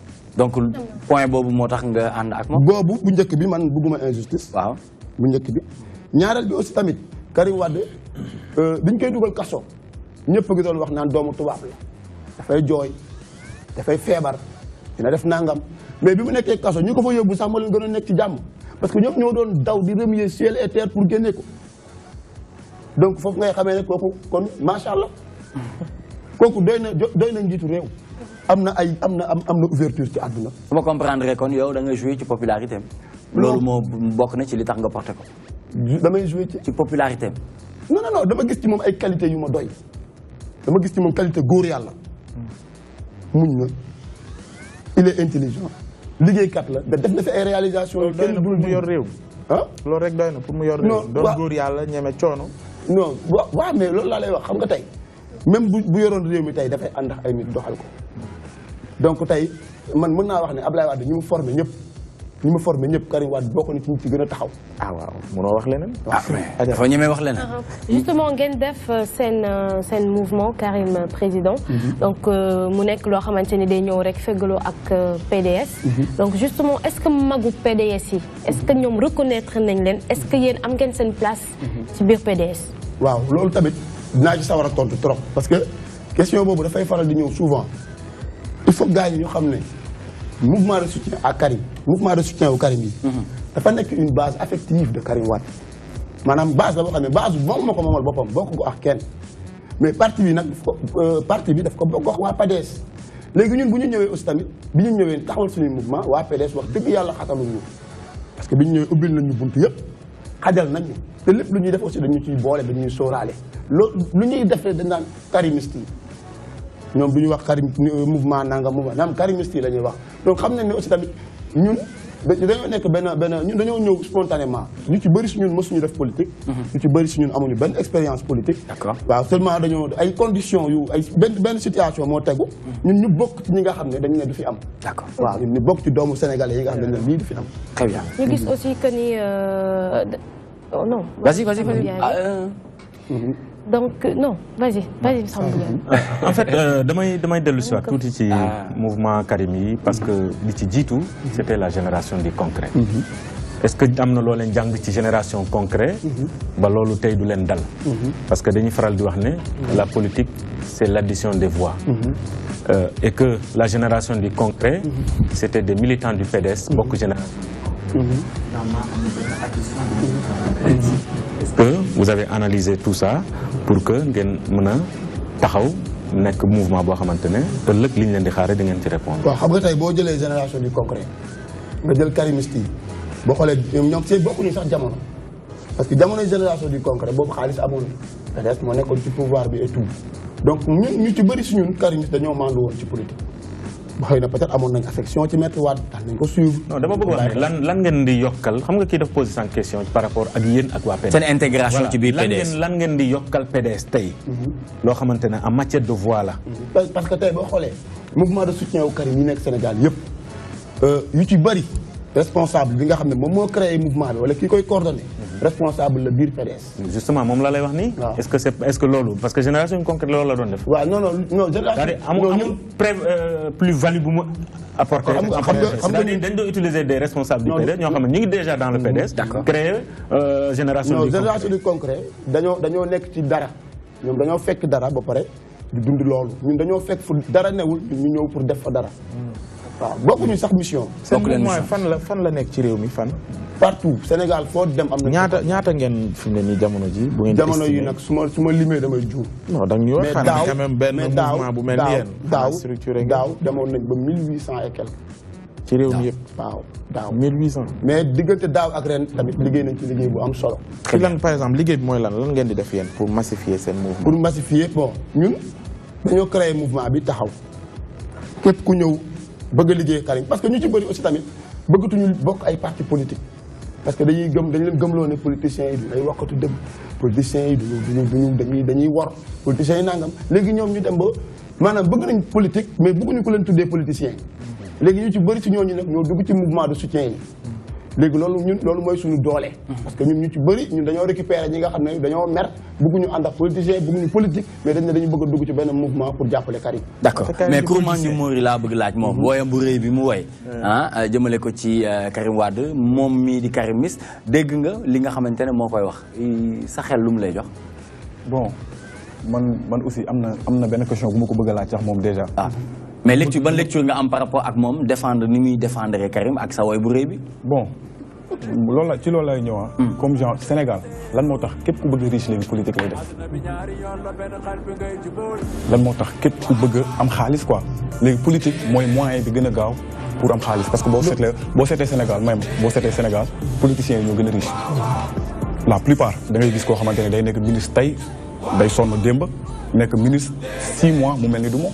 donc point boobu moo tax nga ànd ak moom. boobu bu njëkk bi man bëgguma injustice. waaw bu njëkk bi. ñaareel bi aussi tamit Karim Wade euh, biñ koy dugal kaso ñëpp gi doon wax naan doomu tubaab la dafay jooy dafay feebar dina def nangam mais bi mu nekkee kaso ñu ko fa yóbbu sax moo leen gën a nekk ci jàmm parce que ñoom ñoo doon daw di remuer ciel et terre pour génne ko donc foofu ngay xamee ne kooku kon macha allah kooku doy na doy na njiitu réew. Il ay ouverture ci comprendre popularité lolu mo bok na ci li tax nga popularité non non non dama gis ci mom ay qualité yu ma doy dama gis qualité goor il est intelligent kat la da def na fi ay réalisation hein? pour mu yor non Il góor non wa mais lolu la lay wax xam nga même bu yoron yoroon réew mi tey dafay ànd ak ay nit doxal ko donc tay man mën naa wax ni Ablaye Wade ñu mu formé ñep ñu mu formé ñep Karim Wade bokk ni ci ñu ci gën taxaw. ah waaw munoo wax lénen ah, ah mais dafa ñemee wax lénen ah, justement ngeen def euh, seen euh, seen mouvement Karim euh, président. Mhm. donc mu nek lo xamanteni ni day ñëw rek feggaloo ak PDS. Mhm. donc justement est ce que magu PDS yi. est ce que ñom reconnaître nañ leen est ce que yeen am ngeen seen place. Mhm. ci bir PDS. waaw loolu tamit dinaa Sawara tontu trop parce que question La souvent il faut gagner, mouvement de soutien à Karim mouvement de soutien au Karim pas mhm. une base affective de Karim Watt base la base pas mais parti bi nak euh, parti bi daf ko bokk wa PDS. ñun bu tamit mouvement wax parce que bi fait nañu xajal nañu te lu ñuy def aussi dañu ciy boole ñuy sóoraale loo lu ñuy defee dañ naan karimiste yi ñoom du ñu wax karim mouvement nangam mouvement naam karimiste yi la ñuy wax donc xam nañ ne aussi tamit ñun Nous, you spontanément Nous, ci politique mhm. expérience politique seulement ay conditions yu ay benn situation sommes tegu ñun ñu d'accord waaw Nous sommes bokk sénégalais très bien aussi que euh, oh non vas-y vas-y vas-y ah, euh. mhm donc euh, non vas-y vas-y Samba en fait euh, damay damay dellu tout tout tuuti ah. mouvement Karimi, parce que li ci tout mhm. c'était la génération du concret mhm. est-ce que am na loo leen jàng ci génération concret mhm. ba loolu de du leen dal parce que dañuy faral di wax la politique c'est l'addition des voix euh, et que la génération du concret c'était des militants du PDS beaucoup génération que vous avez analysé tout ça pour que ngeen mën a taxaw mouvement bo xamantene ne ëllëg li leen di xaaree di ngeen ci répondre. wa xam nga tay bo jëlé génération du concret nga jël karimiste bo xolé xoolee ñoom beaucoup see sax jamono parce que jamono génération du concret boobu xaalis amoon na. PDS moo nekkoon ci pouvoir bi et tout donc ñu ci bëri suñu ñun karimiste dañoo mandu won ci politique. xëy na peut-être amoon nañ affection ci maître Wade tax nañ ko suivre. non dama bëgg wax lan lan ngeen di yokkal xam nga kii daf posé sans question par rapport ak yéen ak waa PDS. seen intégration ci biir PDS lan ngeen di yokkal PDS tey. Mhm. loo xamante ne en matière de voix la. Mhm. parce que tey boo xoolee mouvement de soutien wu nekk Sénégal yëpp euh, yu ci bëri. responsable bi nga xamné ne moom moo mouvement bi wala ki koy coordonner mhm. responsable le bir PDS. justement mom la lay wax ni est ce que c'est est ce que lolo? parce que génération bi concrète loolu la doon def. wa non non non génération. amul preuve plus value bu mu apporter. xam nga dañ do utiliser des responsables du PDS ñoo xamné ñi ngi déjà dans le mhm. PDS. Créer euh, génération. du génération du concret dañoo dañoo nek ci dara ñom dañoo fekk dara ba paré di dund lolo. ñun dañoo fekk fu dara newul ñu ñëw pour def fa dara. Mhm. waaw bokkuñu sax mission. bokk leen mission fan la fan la nekk ci réew mi fan. partout Sénégal foo dem am ñaata ñaata ngeen fi mu ne nii jamono ji. bu ngeen jamono yi nag su ma su ma limee damay juum. non da nga ñu war xanaa quand même benn mouvement bu mel ni yéen. daaw structuré daaw demoon nañ ba mais diggante daaw ak ren tamit liggéey nañ ci liggéey bu am solo. lan par exemple liggéey bi mooy lan lan ngeen di def yéen pour massifier seen mouvement. pour massifier bon ñun dañoo créer mouvement bi taxaw képp ku ñëw. bëgg liggéey xariñ parce que ñu ci bëri aussi tamit bëggatuñu bokk ay parti politique parce que dañuy gëm dañ leen gëmloo né politiciens yi lay waxatu dëgg politiciens yi duñu duñu dañuy dañuy war politiciens yi nangam légui ñom ñu dem ba manam bëgg nañ politique mais bëgguñu ko leen tuddé politiciens légui ñu ci bëri ci ñoñu nak ñoo dugg ci mouvement de soutien yi léegi loolu ñun loolu mooy suñu doole. Mhm. parce que ñun ñu ci bëri ñun dañoo récupérer ñi nga xam ne dañoo mer bëgguñu ànd ak politicien bëgguñu politique mais dañ ne dañu bëgg a dugg ci benn mouvement pour jàppale Karim. d' accord mais Kourouma Ndioumori laa bëgg laaj moom mhm. wooyam bu rëy bi mu woy ah euh, jëmale ko ci euh, Karim Wade moom mii di karimis, dégg nga li nga xamante ne moo koy wax sa xel lu mu lay jox. bon man man aussi amna na am na benn question bu ma ko bëgg laaj sax moom dèjà. Ah. mais lecture ban lecture nga am par rapport ak moom défendre ni muy défendre Karim ak sa woy bu rëy bi. bon loolu la ci loolu ñëw ah. hmm. comme genre Sénégal lan moo tax képp ku bëgg riche léegi politique lay def lan moo képp ku bëgg am xaalis quoi léegi politique mooy moyen bi gën a pour am xaalis parce que boo le boo seetee Sénégal même boo seetee Sénégal politiciens yi ñoo riche la plupart da ngay gis koo xamante ne day nekk ministre tey day sonn démb nekk ministre six mois mu mel du monde.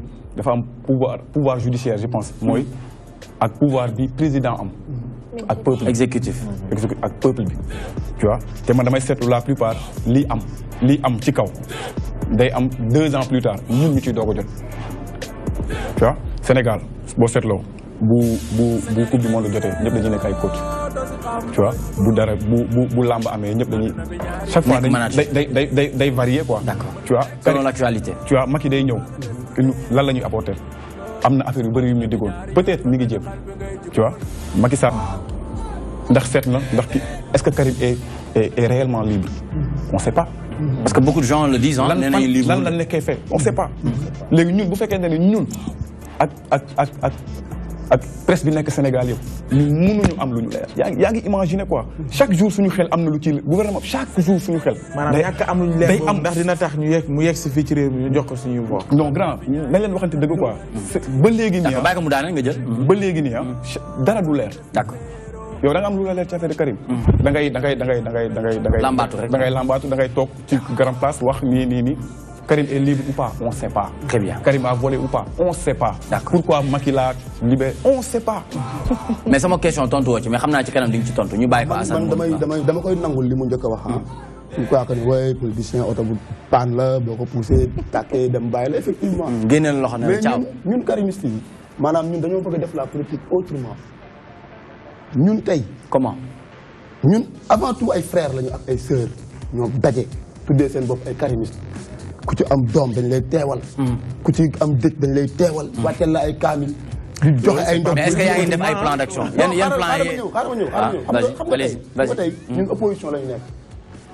dafa am pouvoir pouvoir judiciaire je pense moi ak pouvoir bi président am ak peuple exécutif ak peuple bi tu vois te man damay seetlu la plupart li am li am ci kaw day am deux ans plus tard ñun ñu ciy doog a jot tu vois Sénégal boo seetloo bu bu bu coupe du monde jotee ñëpp dañuy nekk ay coach tu vois bu dara bu bu bu làmb amee ñëpp dañuy. chaque fois day day day day varier quoi. d'accord tu vois selon l'actualité. tu vois Macky day ñew la apporter être affaire yu bari yu peut-être mi ngi tu vois Macky est-ce que Karim est réellement libre on sait pas. parce que beaucoup de gens le disent hein, lan lan on sait pas ak presse bi nek Sénégal yëpp ñu mënuñu am lu ñu leer yaa ngi yaa ngi imaginer quoi chaque jour suñu xel amna lu ci gouvernement chaque jour suñu xel manam ñàkk am luñu ñu leer ndax dina tax ñu yek mu yegg ci fi ci réew mi ñu jox ko suñu voix non grand ma leen waxante deug quoi ba légui ni bàyyi ko mu daana nga jël hmm, ba léegi nii hmm, dara du leer d'accord yow da nga am lu leer ci affaire Karim da ngay da ngay da ngay da ngay da ngay da ngay lambatu rek da ngay lambatu da ngay tok ci grand place wax ni ni ni Karim est libre ou pas On ne sait pas. Très bien. Karim a volé ou pas On ne sait pas. Pourquoi Macky l'a libéré On ne sait pas. mais c'est une question tonton. mais ci kanam ci tonton. ñu pas ko dama koy nangul li ah. pourquoi que les politiciens ont poussé effectivement. Mm, génneel mais nous, karimiste Madame, ñun la politique autrement nous sommes... comment. Nous, avant tout les frères lañu sœurs, nous sœurs ñoo Tout des seen ku ci am doom dañ lay teewal. Hmm. ku ci am dëj dañ lay teewal. Hmm. wàcceel la ay kaamil. Hmm. di joxe ay ndox mais ngi def ay plan d'action. yan yan plan yi xaaral ma ñëw xaaral ma ñëw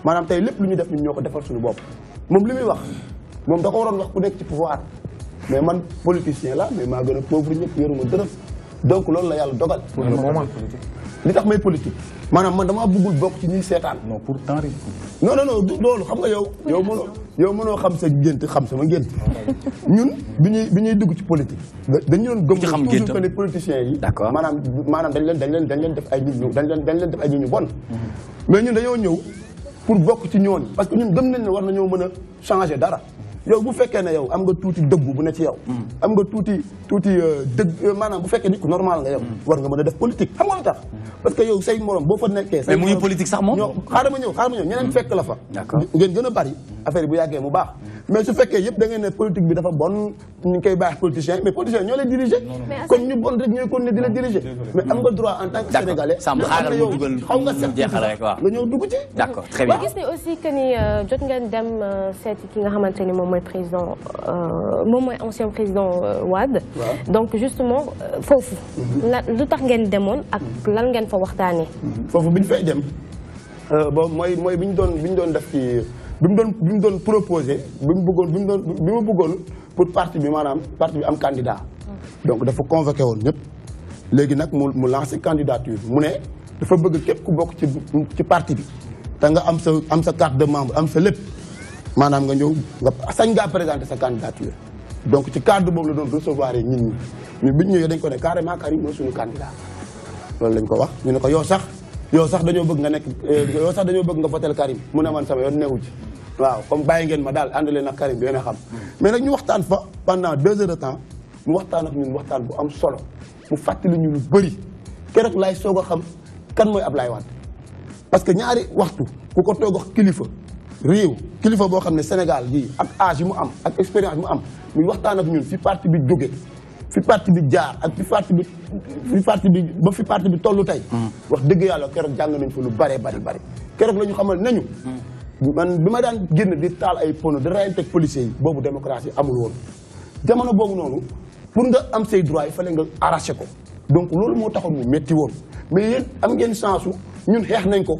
ah, xam tey lépp lu ñu def ñun ñoo ko defal suñu bopp moom li muy wax moom da ko waroon wax ku nekk ci pouvoir mais man politicien la mais maa gën a pauvre ñëpp yoruma donc loolu la yàlla dogal. li tax may politique maanaam man dama bëggul bokk ci ñuy seetaan. non pour temps rek. non non non loolu xam nga yow. yow mënoo yow mënoo xam sa gént xam sama gént. ñun bi ñuy bi ñuy dugg ci politique. dañu doon gëm toujours que ne politiciens yi. d'accord maanaam maanaam dañ leen dañ leen dañ leen def ay nit ñu dañ leen dañ leen def ay nit ñu bon. Mm-hmm. mais ñun dañoo ñëw. pour bokk ci ñooñu parce que ñun gëm nañ ne war nañoo mën a changer dara yow bu fekkee ne yow am nga tuuti dëggu bu ne ci yow mm. am nga tuuti tuuti euh, dëgg euh, maanaam bu fekkee nit ku normal nga yow mm. war nga mën a def politique xam nga lu tax mm. parce que yow say morom boo fa nekkee mais mu ngi politique sax moom xaaral ma ñëw xaaral ma fekk la fa ngeen gën a bari affaire bu yàggee mu baax mais su fait que da ngeen ne politique bi dafa bon ñu ngi koy baax politiciens mais politiciens nous les diriger. Comme ñu bon nous ñooy continuer di la diriger. mais am nga droit en tant que sénégalais. Ça xaaral mu dugal xaw nga seet nga ñëw dugg ci. D'accord, très bien gis ne aussi que ni euh, jot ngeen dem qui euh, ki nga mon ni président euh, mon mooy ancien président Wade. donc justement foofu. Mm-hmm. le, lu tax ngeen demoon ak mm-hmm. lan ngeen fa waxtaanee. Mm-hmm. foofu bi ñu fay dem. bon mooy moi, bi don, doon don ñu ci bim don doon don proposer doon proposé bim don bëggoon bi pour parti bi manam parti bi am candidat. donc dafa convoqué woon ñëpp. léegi nag mu mu lancer candidature mu ne dafa bëgg képp ku bok ci ci parti bi te nga am sa am sa carte de membre am sa lépp manam nga ñëw nga sañ nga présenter sa candidature. donc ci carte bobu la doon recevoir yi ñi ñun bi ñu dañ ko né carrément Karim mooy suñu candidat lolou lañ ko wax ñu ne ko yo sax. yow sax dañoo bëgg nga nekk eh, sax dañoo bëgg nga votel Karim mu ne man sama yoon newu ci waaw comme bàyyi ngeen ma daal ànd leen ak Karim bi a xam mais nag ñu waxtaan fa pendant deux heures de temps mu waxtaan ak ñun waxtaan bu am solo mu fàttali ñu lu bëri keroog laay soog a xam kan mooy Ablaye waat parce que ñaari waxtu ku ko toog ak kilifa réew kilifa boo xam ne Sénégal gii ak âge yi mu am ak expérience mu am muy waxtaan ak ñun fi parti bi jóge fi parti bi jaar ak fi parti bi fi parti bi ba fi parti bi tollu tey. Hmm. wax dëgg yàlla keroog jàng nañ fa lu bare bari bari keroog la ñu xamal nañu. Hmm. man bi ma daan génn di taal ay pono di rayante ak policiers yi boobu démocratie amul woon. jamono boobu noonu pour nga am say droit yi fële nga arraché ko donc loolu moo taxoon mu métti woon mais yéen am ngeen chance ñun xeex nañ ko.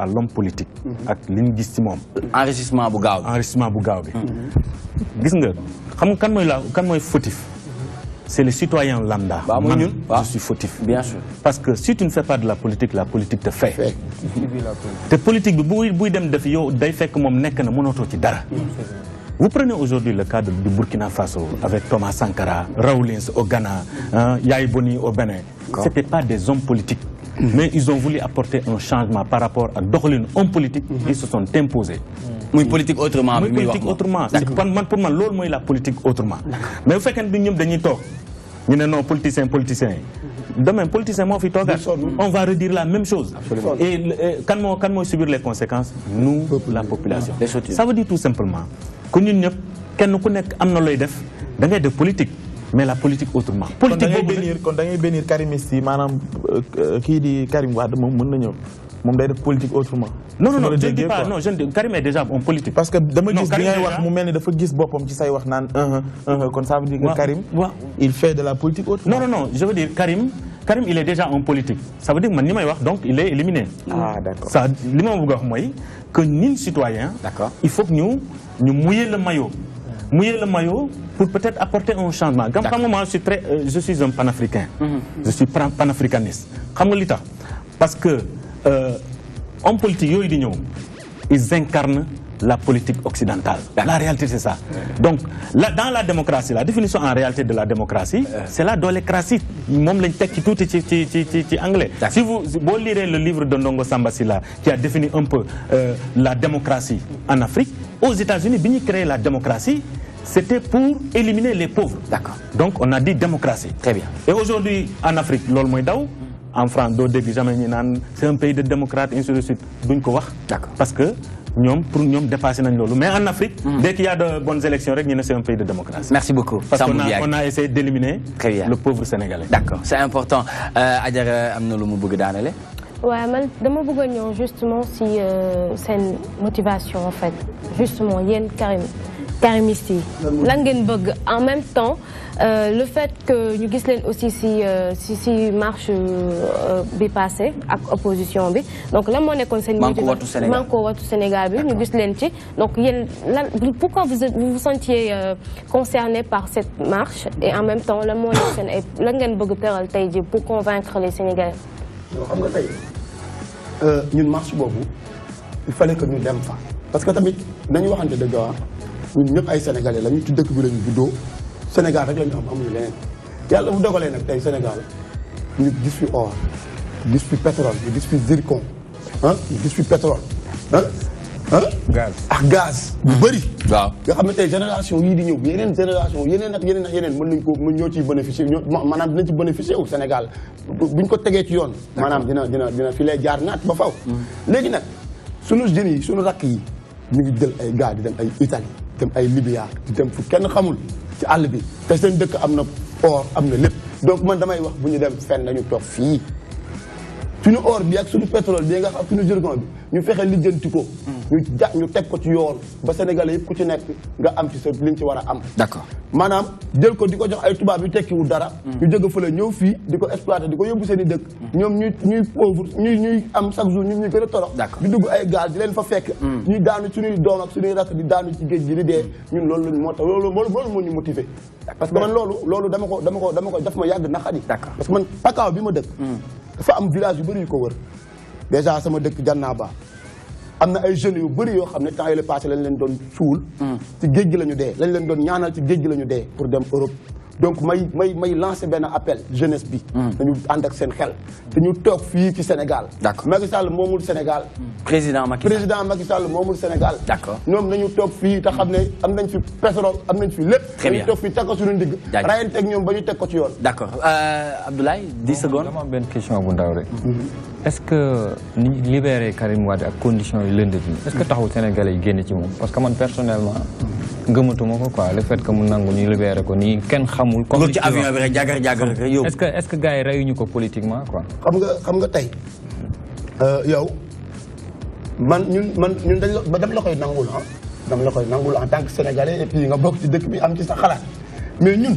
à l'homme politique. Mhm. ak li ci enrichissement bu gaaw enrichissement bu gaaw bi. Mhm. nga xam fautif. c'est le citoyen lambda. Bah, moi, bah, je suis fautif. Bien sûr. Parce que si tu ne fais pas de la politique, la politique te fait. fait. la politique, vous prenez aujourd'hui le cas du Burkina Faso avec Thomas Sankara, Raoulins au Ghana, hein, au Bénin. Ce n'étaient pas des hommes politiques mais ils ont voulu apporter un changement par rapport à d'autres hommes politique. Mhm. ils se sont imposés. Mhm. Une politique autrement. Une politique autrement pour moi, pour man la politique autrement. mais au fait, ne ñoom dañuy ñu sommes non politiciens politiciens mhm. demain politicien moi, on va redire la même chose. et quand euh, nous, kan subir les conséquences. nous la population. ça veut dire tout simplement que nous, quand nous ku nekk des mais la politique autrement. politique boobu quand kon da ngay bénir ici, yi maanaam euh, kii di Karim Wade mon mon na ñëw moom day def politique autrement. non non non je ne dis pas non je dis Karim est déjà un politique. parce que dama gis bi ngay wax mu mel ni dafa gis boppam ci say wax naan un un kon ça veut dire que Karim. il fait de la politique autrement. non non non je veux dire Karim. Karim il est déjà un politique ça veut dire man ni may wax donc il est éliminé. ah d'accord ça li ma bëgg a wax que ñun citoyens. d'accord il faut que nous nous mouiller le maillot mouiller le maillot pour peut-être apporter un changement. je suis, très, euh, je suis un panafricain. Mhm. Je suis panafricaniste. Parce que euh, en politique, ils incarnent la politique occidentale. La réalité, c'est ça. Donc, dans la démocratie, la définition en réalité de la démocratie, c'est la dolécratie. tout est anglais. Si vous, lirez le livre de Ndongo Sambasila, qui a défini un peu euh, la démocratie en Afrique, aux États-Unis, ils créé la démocratie, c'était pour éliminer les pauvres. D'accord. Donc on a dit démocratie. Très bien. Et aujourd'hui, en Afrique, l'Olmoïdaou, en France, c'est un pays de démocrates, ainsi de suite. D'accord. Parce que nous, pour nous, dépasser Mais en Afrique, hmm. dès qu'il y a de bonnes élections, c'est un pays de démocratie. Merci beaucoup. Parce qu'on a, on a essayé d'éliminer le pauvre Sénégalais. D'accord, c'est important. Euh, Ouais, man, dama bëggoon justement si une euh, motivation en fait justement Yen Karim Karim une lan ngeen en même temps euh, le fait que ñu aussi si euh, si si marche bi passé ak opposition bi donc lan on est Manko au Sénégal bi ñu donc Yen, pourquoi vous vous sentiez concerné par cette marche et en même temps là moi nekk seen Taïdi, lan pour convaincre les Sénégalais. ne sais pas marchons euh, marche vous, il fallait que nous dem parce que tamit nañu waxante dëgg nous ah, ñun ay sénégalais lañu ci dëkk bi lañu Sénégal rek lañu am nous les Sénégal ñu gis en or gis pétrole sommes gis zircon nous ah, pétrole ah. gaz ak ah, gaz. bu hmm. bëri. waaw nga xam ne tey génération yii di ñëw yeneen génération yeneen ak yeneen ak yeneen mën nañ ko mën ñoo ciy bénéficier ñoo maanaam dina ci bénéficier wu Sénégal buñ ko tegee ci yoon. maanaam dina dina dina fi lay jaar naat ba faw. Hmm. léegi nag sunu jeunes yi sunu rakk yi ñu ngi jël ay gaz di dem ay Italie dem ay Libya di dem fu kenn xamul ci àll bi te seen dëkk am na or am na lépp donc man damay wax bu ñu dem fenn nañu toog fii. suñu or bi ak suñu pétrole bi nga xam suñu jurgóon bi ñu fexé lijjanti ko. Hmm. ñu ñu tek ko ci yoon ba Sénégalais yépp ku ci nekk nga am ci sa liñ ci war a am. d'accord maanaam jël ko di ko jox ay tubaab yu tekkiwul dara. Hmm. ñu jóge fële ñëw fii di ko exploité di ko yóbbu seen i dëkk. Hmm. ñoom ñuy ñuy pauvre ñuy ñuy am chaque jour ñun ñuy gën a torox. di dugg ay gaal di leen fa fekk. ñuy daanu suñuy doom ak suñuy rakk di daanu ci géej gi di dee ñun loolu lañ moo tax loolu loolu moo ñu motivé. parce que man loolu loolu dama ko dama ko dama ko daf ma yàgg naqari. parce que man pakaaw bi ma dëkk dafa am village yu bëri ko wër dèjà sama dëkk Jannaaba am na ay jeunes yu bëri yoo xam ne temps yële passé lañ leen doon suul. Hmm. ci géej gi lañu ñu lañ leen doon ñaanal ci géej gi lañu ñu dee pour dem Europe. donc may may may lancer benn appel jeunesse bi. Hmm. dañu ànd ak seen xel. te ñu toog fii ci Sénégal. Macky Sall moomul Sénégal. Hmm. président Macky Sall président Macky Sall moomul Sénégal. d'accord ñoom nañu toog fii te xam am nañ fi pétrole am nañ fi lépp. très bien fi toog fii teg ko suñu ndigg. jaajëf tek ñoom ba ñu ko ci yoon. d'accord euh, Abdoulaye 10 secondes. dama ben question bu ndaw rek. Mhm. est-ce que ni libérer Karim Wade ak condition yi lënd bi. est-ce que taxaw Sénégalais yi génn ci mom parce que man personnellement. gëmatuma ko quoi le fait que mu nangu ñu libéré ko nii kenn xamul. comme ci avion bi rek jàggar jàggar rek yóbbu. est ce que est ce que ko politiquement quoi. xam nga xam nga tey euh, yow man ñun man ñun da la dama la koy nangul ah. dama nangul en tant que sénégalais et puis nga bokk ci dëkk bi am ci sa xalaat mais ñun.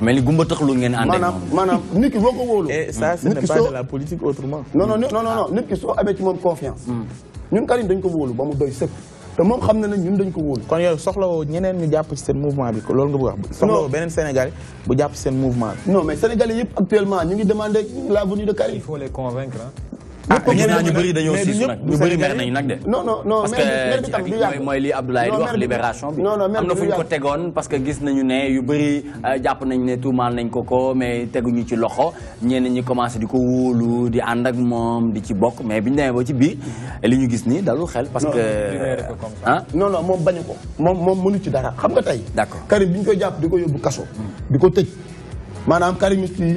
Mais les gumba eh, ça n'est pas de la politique autrement. non non non non non. confiance. Hmm. Nous, Karim dañ ko nous ba mu doy mouvement non Sénégal mais Sénégalais actuellement de il faut les convaincre hein. ah gis naa ñu bëri dañoo siis nag ñu bëri mer nañu nag de. non non non mer bi mooy li Abdoulaye di wax libération bi. non non mer am na fu ñu ko tegoon parce que gis nañu ne yu bëri euh, jàpp nañ ne tuumaal nañ ko ko mais teguñu ci loxo ñenn ñi commencé di ko wóolu di ànd ak moom di ci bokk mais biñu demee ba ci bii li ñu gis nii dalul xel. parce que ah non non moom bañu ko. moom moom mënu ci dara xam nga tey. d'accord Karim bi ñu koy jàpp di ko yóbbu kaso. di ko tëj maanaam karimiste yi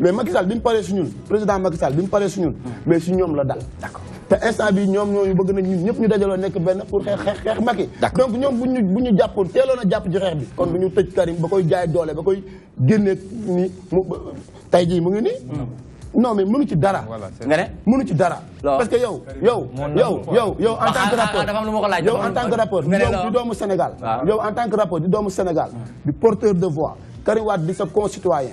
mais Macky Sall ne parler pas président Macky Sall mais la dal pour nous. donc nous sommes a bi kon hmm. non mais ci dara. nga dara. parce que yow yow yow yow en tant que rapport, yow en tant que Sénégal. yow en tant Sénégal. porteur de voix Karim Wade di sa concitoyen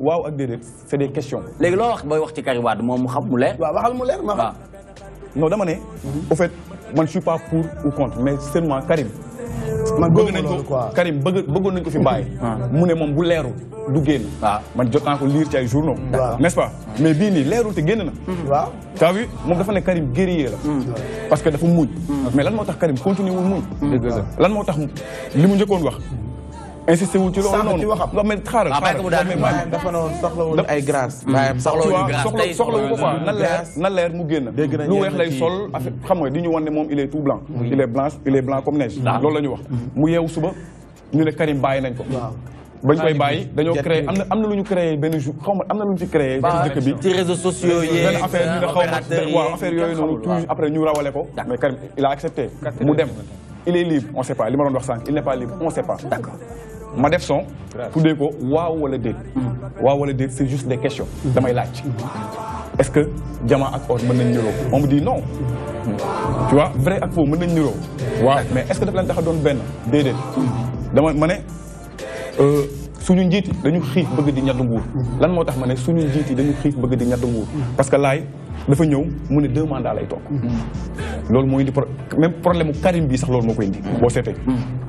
waaw ak déedéet c'est des questions. légui lo wax boy wax ci Karim Wade moom xam mu leer. waaw waxal mu leer ma non dama né au fait man je suis pas pour ou contre mais seulement Karim. man bëgg nañ ko Karim bëgg bëggoon nañ ko fi baye ah. mu ne moom bu leerul du génn. waaw ah. man jot ko lire ci ay journaux. n'est-ce pas mais bi ni leerul te génn na. waaw t'as vu mom dafa né Karim guerrier la. Hmm. parce que dafa muñ. Hmm. mais lan motax Karim continue wul muñ. lan motax tax li mu njëkkoon wax. Insistez, vous tu loolu noonu non mais xaaral ah, grâce. na mu lay sol il est tout blanc. il est blanc il est blanc comme neige. loolu la wax mm-hmm. mu ñu ne Karim nañ ko. bañ koy ci ci réseaux sociaux yi affaire toujours après ñu ko. mais Karim il a accepté. mu dem il est libre on sait pas il n'est pas libre on sait pas ma def son tuddee ko waaw wala déet mm. waaw wala déet c'est juste des questions damay laaj mm. est-ce que jamaa ak or meun nañ niroo on me dit non mm. tu vois vrai ak faux meun nañ niroo waaw mais est-ce que daf leen tax a doon benn déedéet dama ma ne euh, suñu njiti dañu xif bëgg di ñaddu nguur lan motax mané suñu njiti dañu xif bëgg di ñaddu nguur parce que lay dafa ñëw mu ne deux mandats lay tok lool moo indi même problème Karim bi sax lool moo koy indi bo sété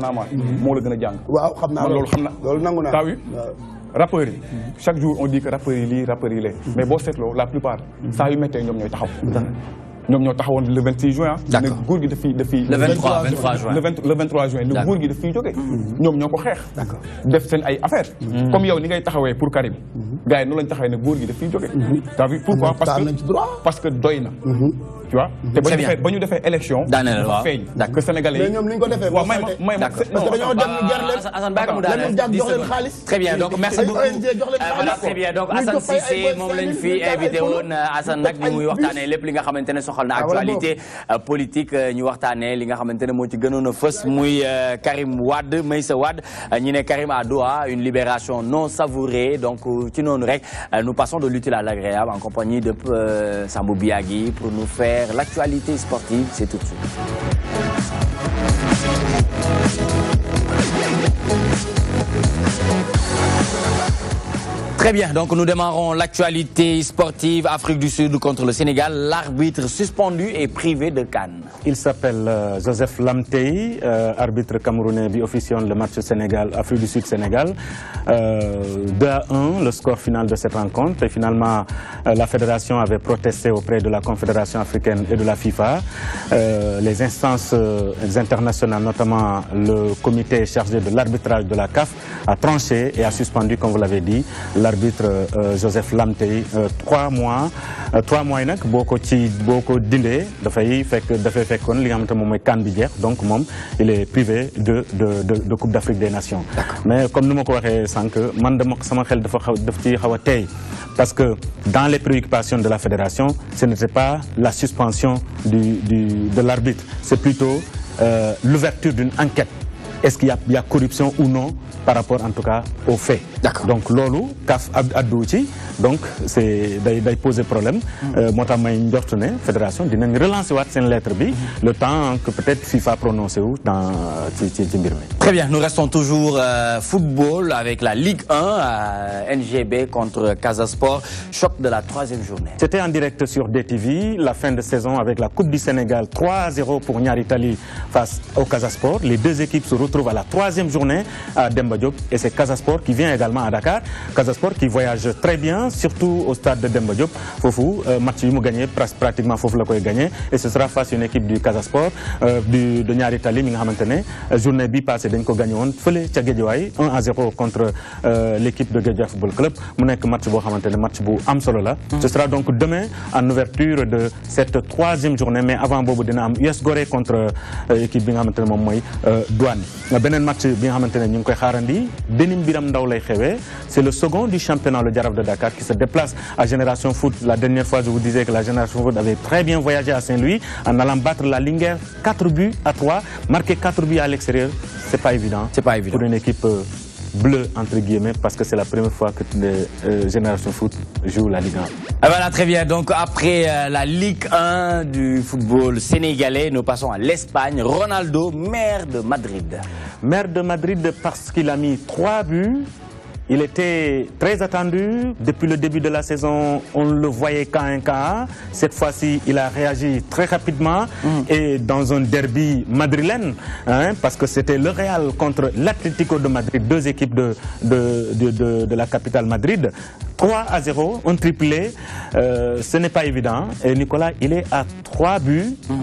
Yanamar. mo la gën a waaw xamna lool xamna lool nanguna taw yi rappeur yi chaque jour on dit que rappeur yi lii rappeurs yi lee mais bo setlo la plupart sa yu metté ñom ñoy taxaw ñom ñoy taxawoon le 26 juin ah ne nguur gi daf fiy daf fiy le 23 juin le 23 juin le nguur gi daf fi jógee mhm. ñom ñoko xex xeex def sen ay affaire mhm. comme yow ni ngay taxawé pour Karim mhm. gars yi noonu lañ taxawé ne nguur gi daf fi jógee t'as vu pourquoi parce que parce que doyna tu vois mhm. te ba ñu defee ba ñu élection. que sénégalais yi. mais ñoom ko très bien donc merci beaucoup très bien donc Assane Cissé mom lañ fi invité won Assane nak ñu muy waxtaanee lépp li nga xamante soxal na ah, actualité euh, politique euh, ñu waxtaanee li nga xamante mo ci gënoon feus muy euh, Karim Wade Meïssa Wade ñi né Karim Adoua, une libération non savourée donc ci nonu rek nous passons de l'utile à l'agréable en compagnie de Sambou Biagui pour nous faire l'actualité sportive, c'est tout de suite. Très bien, donc nous démarrons l'actualité sportive Afrique du Sud contre le Sénégal. L'arbitre suspendu est privé de Cannes. Il s'appelle euh, Joseph Lamtei, euh, arbitre camerounais qui officiant le match Sénégal, Afrique du Sud-Sénégal. 2 euh, à 1, le score final de cette rencontre. Et finalement, la fédération avait protesté auprès de la Confédération africaine et de la FIFA. les instances internationales, notamment le comité chargé de l'arbitrage de la CAF, a tranché et a suspendu, comme vous l'avez dit, la l'arbitre euh, Joseph Lamtey euh, trois mois euh, trois mois nak demi, ci de dindé da fay fek da fay dafay li nga donc il est privé de de de Coupe d'Afrique des Nations. mais comme nous, ma ko que ne man dama sama xel dafa xaw daf ci parce que dans les préoccupations de la fédération ce n'était pas la suspension du du de l'arbitre c'est plutôt l'ouverture d'une enquête est-ce qu'il y, a corruption ou non par rapport en tout cas aux faits. donc lolu CAF Abdouci, donc c'est day poser problème. Hmm. Euh, moo tax may fédération dinañ relancer relancé lettre bi. le temps que peut-être FIFA prononcé ou dans ci très bien nous restons toujours euh, football avec la Ligue 1 euh, NGB contre Casa Sport choc de la troisième journée. c'était en direct sur DTV la fin de saison avec la Coupe du Sénégal 3-0 pour Niar Italie face au Casa Sport les deux équipes se retrouvent retrouve à la troisième journée à Demba et c'est Casasport qui vient également à Dakar. Casasport qui voyage très bien, surtout au stade de Demba Diop. Fofou, euh, match mu gagné, pratiquement Fofou l'a gagné et ce sera face à une équipe du Casasport euh, du de Niari Tali mi euh, journée bi passée gagné 1 à 0 contre l'équipe de Gadja Football Club mu match bo Hamantene, match bu am Ce sera donc demain en ouverture de cette troisième journée mais avant boobu dina am US Gorée contre l'équipe de nga xamante Douane. C'est le second du championnat le Jarab de Dakar qui se déplace à Génération Foot la dernière fois je vous disais que la Génération Foot avait très bien voyagé à Saint-Louis en allant battre la Linguère 4 buts à 3 marquer 4 buts à l'extérieur c'est pas évident. c'est pas évident pour une équipe. Euh, bleu entre guillemets parce que c'est la première fois que la euh, Génération Foot joue la Ligue 1. voilà, très bien. Donc après euh, la Ligue 1 du football sénégalais, nous passons à l'Espagne. Ronaldo, maire de Madrid. Maire de Madrid parce qu'il a mis trois buts il était très attendu. Depuis le début de la saison, on le voyait qu'à un cas. Cette fois-ci, il a réagi très rapidement mm. et dans un derby madrilène, hein, parce que c'était le Real contre l'Atlético de Madrid, deux équipes de, de, la capitale Madrid. 3 à 0, un triplé, euh, ce n'est pas évident. Et Nicolas, il est à 3 buts. Mm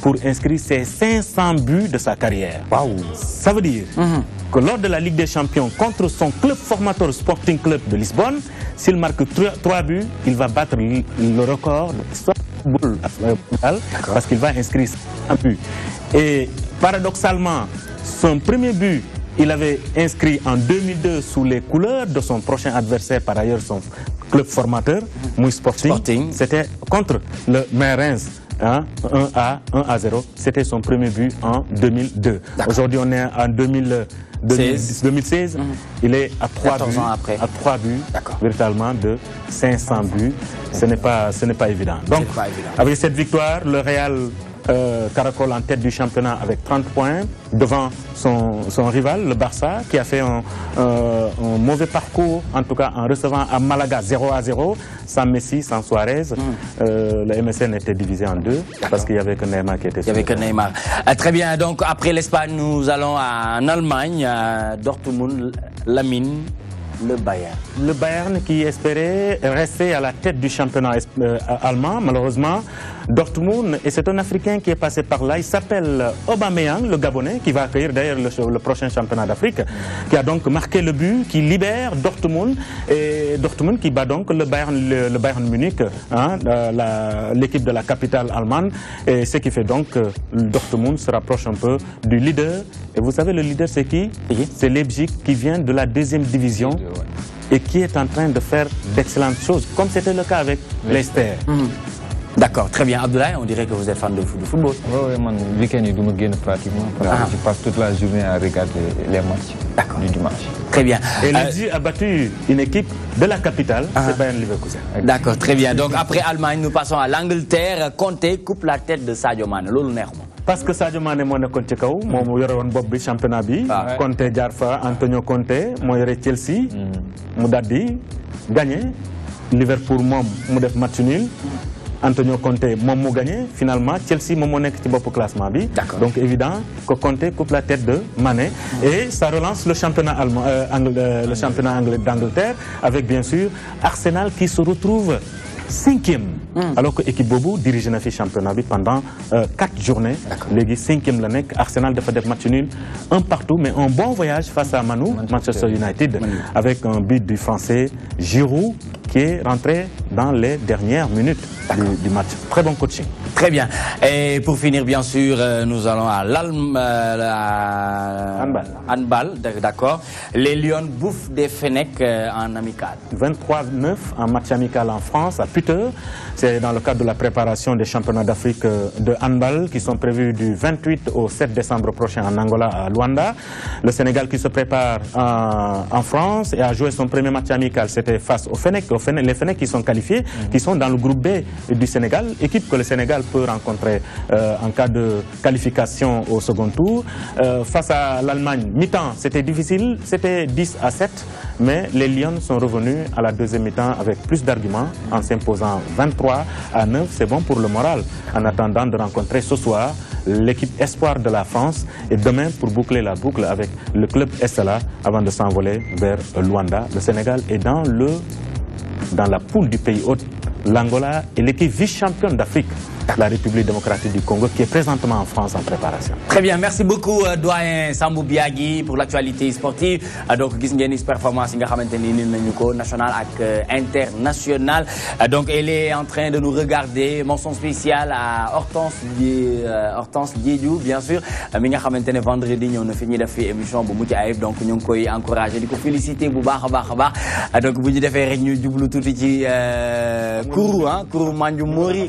pour inscrire ses 500 buts de sa carrière. Waouh Ça veut dire mhm. que lors de la Ligue des Champions contre son club formateur Sporting Club de Lisbonne, s'il marque 3, buts, il va battre le record de parce qu'il va inscrire un but. Et paradoxalement, son premier but il avait inscrit en 2002 sous les couleurs de son prochain adversaire, par ailleurs son club formateur, Moui Sporting. C'était contre le Mainz. Hein, 1 à 1 à 0. C'était son premier but en 2002. Aujourd'hui, on est en 2016. Mhm. Il est à 3 buts, ans après. à 3 buts véritablement de 500 buts. Ce n'est pas, pas évident. Donc, avec cette victoire, le Real euh, Caracol en tête du championnat avec 30 points devant son, rival, le Barça, qui a fait euh, un, mauvais parcours, en tout cas en recevant à Malaga 0 à 0, sans Messi, sans Suarez. Hmm. Euh, le MSN était divisé en deux parce qu'il n'y avait que Neymar qui était Il ah, très bien, donc après l'Espagne, nous allons en Allemagne, à Dortmund, Lamine. Le Bayern. Le Bayern qui espérait rester à la tête du championnat euh, allemand, malheureusement. Dortmund, et c'est un Africain qui est passé par là, il s'appelle Aubameyang, le Gabonais, qui va accueillir d'ailleurs le, prochain championnat d'Afrique, qui a donc marqué le but, qui libère Dortmund, et Dortmund qui bat donc le Bayern, le, Bayern Munich, hein, l'équipe de la capitale allemande, et ce qui fait donc que Dortmund se rapproche un peu du leader. Et vous savez, le leader c'est qui C'est Leipzig qui vient de la deuxième division et qui est en train de faire d'excellentes choses, comme c'était le cas avec Leicester. Mhm. D'accord, très bien. Abdoulaye, on dirait que vous êtes fan de, football. Oui, oui, mon le week-end, je me pratiquement. Ah. Je passe toute la journée à regarder les matchs du dimanche. Très bien. Et euh, lundi a battu une équipe de la capitale, ah. c'est Bayern Leverkusen. D'accord, très bien. Donc après Allemagne, nous passons à l'Angleterre. Comté, coupe la tête de Sadio Mane parce que Sadio Mané moo nekkoon ci kaw won bi championnat ah Conte Jarfa, Antonio Conte moo Chelsea. Hmm. mu gagne. Liverpool mom mu def match nul. Antonio Conte moom mu gagné finalement Chelsea moom ci bop classement donc évident que Conte coupe la tête de Mané. et ça relance le championnat allemand euh, euh, le championnat anglais d'Angleterre avec bien sûr Arsenal qui se retrouve cinquième. Hmm. alors que l'équipe Bobo dirigeait le championnat pendant euh, quatre journées. le 5ème l'année Arsenal de Fadet match nul un partout mais un bon voyage face à Manu Manchester United avec un but du français Giroud qui est rentré dans les dernières minutes du, match. Très bon coaching. Très bien. Et pour finir, bien sûr, euh, nous allons à l'Alm... à euh, Handball. d'accord. Les Lions bouffent des Fennecs euh, en amical. 23-9 en match amical en France, à Puteux. C'est dans le cadre de la préparation des championnats d'Afrique de handball qui sont prévus du 28 au 7 décembre prochain en Angola, à Luanda. Le Sénégal qui se prépare en, France et a joué son premier match amical, c'était face au Fennec, les fenais qui sont qualifiés, qui sont dans le groupe B du Sénégal, équipe que le Sénégal peut rencontrer euh, en cas de qualification au second tour. Euh, face à l'Allemagne, mi-temps, c'était difficile, c'était 10 à 7, mais les Lions sont revenus à la deuxième mi-temps avec plus d'arguments en s'imposant 23 à 9. C'est bon pour le moral en attendant de rencontrer ce soir l'équipe espoir de la France et demain pour boucler la boucle avec le club Estela avant de s'envoler vers Luanda. Le Sénégal est dans le dans la poule du pays hôte, l'Angola est l'équipe vice-championne d'Afrique la République démocratique du Congo qui est présentement en France en préparation. Très bien, merci beaucoup euh, doyen Sambou pour l'actualité sportive. Euh, donc qui s'est performance nga xamante ni ko national ak euh, international. donc elle est en train de nous regarder mention spéciale à Hortense di Hortense bien sûr Nous nga xamante vendredi ñëw na fi ñuy def émission bu donc nous avons koy encouragé Nous avons félicité bu donc vous avez fait rek ñu jublu tuuti ci. Kourou hein, Kourou Mandjou Mori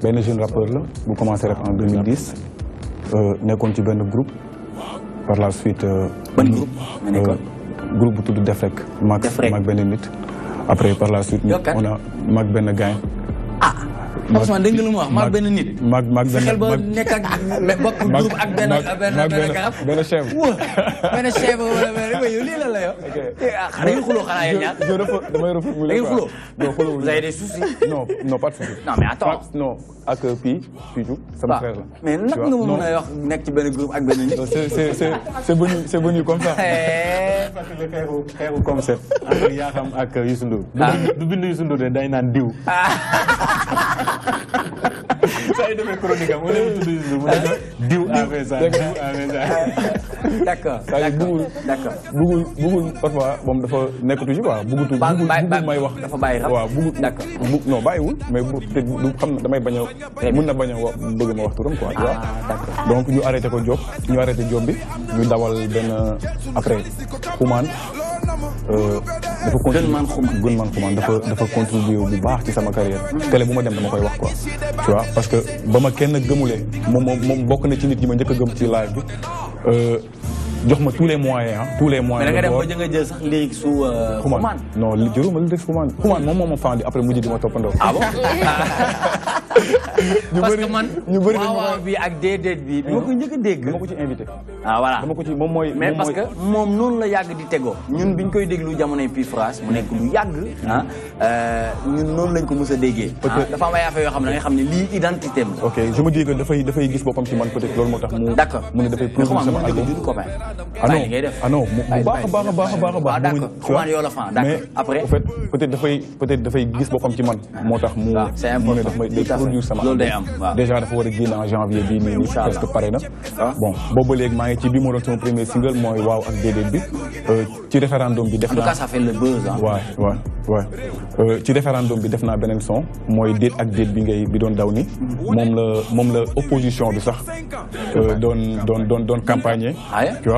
suis jeune rappeur là, bu commencé en 2010 euh, nekkoon ci un groupe par la suite. le euh, groupe euh, groupe bu Max Def Mac Benemit. après par la suite. on a Mac benn Ousmane dégg nga lu mu wax maag benn nit. maag maag benn fexeel ba nekk ak bokk groupe ak benn benn benn garab. benn chef benn chef wala benn yow lii la la yow. Eh, ah, xanaa yu xuloo xanaa yéen ñaar. je je damay refoulé. da ngeen xuloo non xuloo vous avez des soucis. non non pas de soucis. non mais attends non ak Pi euh, Pidou sama frère la. mais nag nga ma mën a wax nekk ci benn groupe ak benn nit. c'est c'est c'est venu c'est venu comme ça. parce eh. que xeexu xeexu concept. ak Yakham ak Youssou Ndour. Ah. du bind Youssou Ndour de day naan diw. Ah. saa yu demee chronique am wala mu tudd mu ne diw avec ça diw avec ça. d' accord d' accord d' parfois moom dafa nekkatu ci quoi bugutu bugul may wax. dafa bàyyi rab waaw bugul d' accord non mais bu te du xam damay bañ a. mun na bañ a wax bëgg ma wax turam quoi. Ah, donc ñu arrêté ko Diop ñu arrêté Diop bi ñu dawal benn euh, après Xumaan. Euh, dafa contribué gën man xuma gën man xuma dafa dafa contribué bu baax ci sama carrière. télé bu ma dem dama koy wax quoi. tu parce que ba ma kenn gëmulee moom moom bokk na ci nit ñi ma njëkk a gëm ci live bi. Euh, jox ma tous les moyens ah tous les moyens. mais da nga dem ba jël sax léegi su. Xuman euh, non jëruma ah. moom moo ma fàndi après mujj di ma toppandoo. Ah man. ñu bëri ak déedéet bi. dama ko ko ci invité. ah ko ci mooy. mais parce que moom noonu la yàgg di tegoo. ñun bi ñu koy déglu jamonoy Pi France mu nekk lu yàgg. ah euh, ñun noonu lañ ko mës déggee. Ah, dafa am ay affaire yoo xam ne da nga xam ne lii identité am la. ok dafay gis boppam man peut loolu moo tax mu. d'accord mu ne dafay produire sama album ah non, ah non bu baax a baax ah, d'accord xumaan yoo fan d'accord après. mais en fait peut-être dafay peut-être dafay gis boppam ci man. moo tax ah, c'est important daf may produire sama. déjà dafa war a en janvier bii nii nii presque pare na. Ah. bon boobu ba ma maa ngi ci bi ma doon sama premier single mooy waaw ak déedéet bi euh, ci référendum bi def naa. en tout cas ça fait le buzz hein? Ouais, ouais. Ouais. Euh, ci référendum bi defna benen son moy déet ak déet bi ngay bi don dawni ni la moom la opposition bi sax euh, doon don don don campagner. tu vois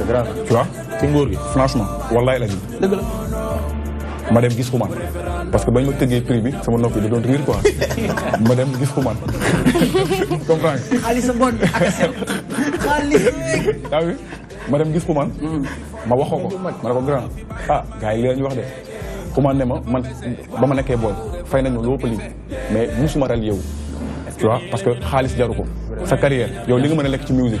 c'est grave ci nguur gi franchement wallaay la dëgg la gis dem gis parce que bañ ma tëggee prix bi sama noppi da doon riir quoi ma dem gis xumaan comprends ma dem gis mm. ma ko ma ne ko grand ah yi li lañu wax de xumaan ne ma man ba ma nekkee booy fay nañu loo pëli mais musuma rel yow tu vois parce que xaalis jaru ko sa carrière yow li nga mën a lekk ci musique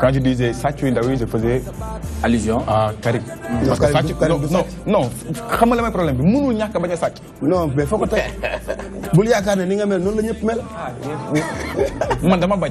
Quand je disais Satch je faisais allusion à ah, Karim. Non, non, non, non, xam nga problème bi non, non mais ko tu ni nga mel non, la ñëpp mel. man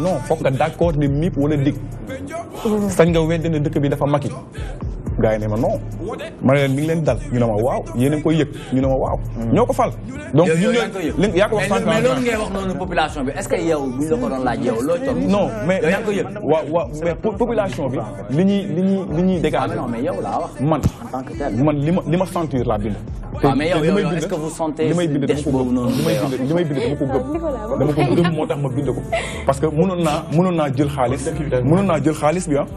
non foog nga d' accord ne MIP wala DIC sañ nga weddi ne dëkk bi dafa maki gars ma non ma ne leen mi ngi leen dal ñu ma waaw yéen a ngi mais loolu ngay bi est-ce que yow bu ñu la ko doon laaj yow loo ah, ma li ma sentir laa bind waaw ah, mais yow yow est-ce que vous sentez li bind dama ko gëm li bind dama ko gëm dama ko gëm moo tax ma bind ko parce que mënoon naa mënoon naa jël xaalis mënoon na jël xaalis bi ah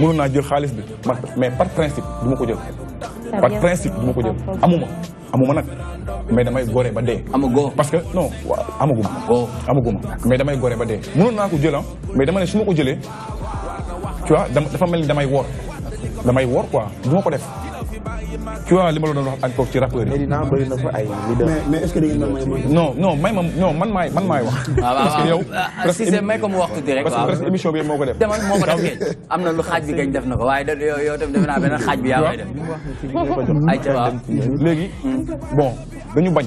mënoon naa principe du ma ko jël. par principe du ma ko jël amuma amuma mais damay gore ba dee. amagoo parce que non waaw amaguma. amaguma mais damay gore ba dee. mënoon naa ko jël mais dama su ma ko jëlee tu vois dafa mel ni damay wor damay wor quoi du ma def. tu vois li a la doon wax encore ci rappeur yi. bëri na fa ay leader. mais may man maay man maay wax. Ah, parce que yow. parce que may ko mu wax tuuti rek. parce que bi moo ko def. demal moo am na lu xaaj bi gañ def na ko waaye yow tamit defe naa beneen xaaj bi yaa ngi koy def. ayca waaw léegi bon dañu bañ.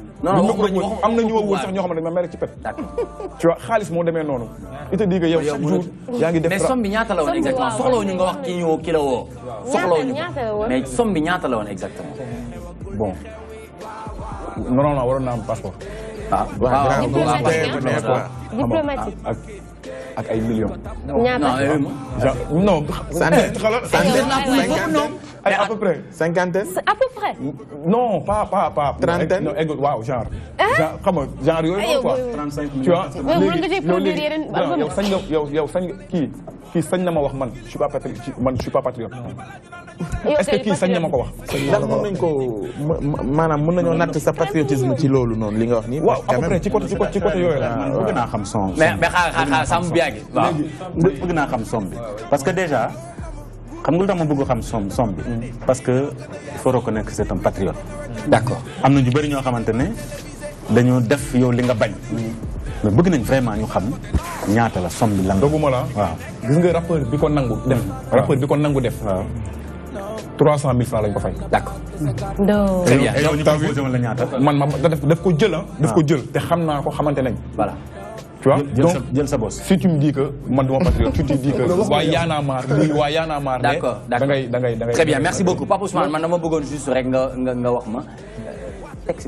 non non waxuma ñu am na ñu ma wóor sax ñoo xam ne ma mere ci pet. tu vois xaalis moo demee noonu. il te dit que yow chaque jour yaa ngi def mais somme bi ñaata la woon exactement soxlawu ñu nga wax kii ñëw kii la non non non non. à peu près cinquantaine. à peu près. non pas pas pas. trentaine Wow, genre. Hein? genre genre quoi. trente tu vois non je suis pas patriote je suis pas patriote. est-ce que ko wax. tu tu tu sa patriotisme ci li nga wax à peu près ci côté ci côté Tu la. Ah, mais mais vois, tu mais, parce que déjà xam nga lu bëgg xam som som bi. Mm. parce que il faut reconnaître que c'est un patriote. d'accord am na ñu bëri ñoo xamante ne dañoo def yow li nga bañ. Mm. mais bëgg nañ vraiment ñu xam ñaata la som bi lan la. doguma la waaw gis nga rappeur bi ko nangu def. Mm. rappeur bi ko nangu def. waaw 300 000 francs lañ ko fay. d'accord. donc. très yow ñu posé woon la ñaata. man ma daf ko jël ah. daf ah. ko jël te xam naa ko xamante nañ. voilà tu vois donc si tu me dis que man duma patriote tu te dis que waa yaa naa maar lii waa yaa naa maar da ngay da ngay très bien merci beaucoup Papa Ousmane man dama bëggoon juste rek nga nga nga wax ma euh, texte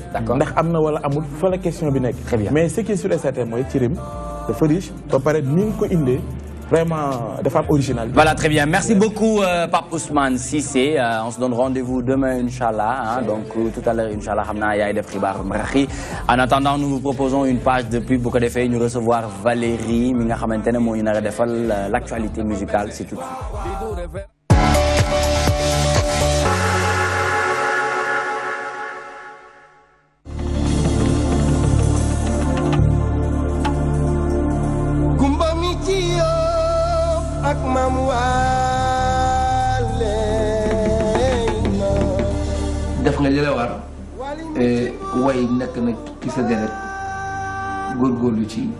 d'accord ndax fa la question mais ce qui est sur les certains, c'est que tu riche ba paraît ni vraiment des femmes originales. Voilà, très bien. Merci beaucoup, Papa euh, Pape Ousmane Sissé. Euh, on se donne rendez-vous demain, Inch'Allah. Hein, donc, euh, tout à l'heure, Inch'Allah, Hamna Yaïd Fribar mrahi. En attendant, nous vous proposons une page de pub pour que des nous recevoir Valérie Minga Khamantene, l'actualité musicale, c'est tout. ak maam waale nga li war eh, way nekk nag ci sa deret góorgóorlu ci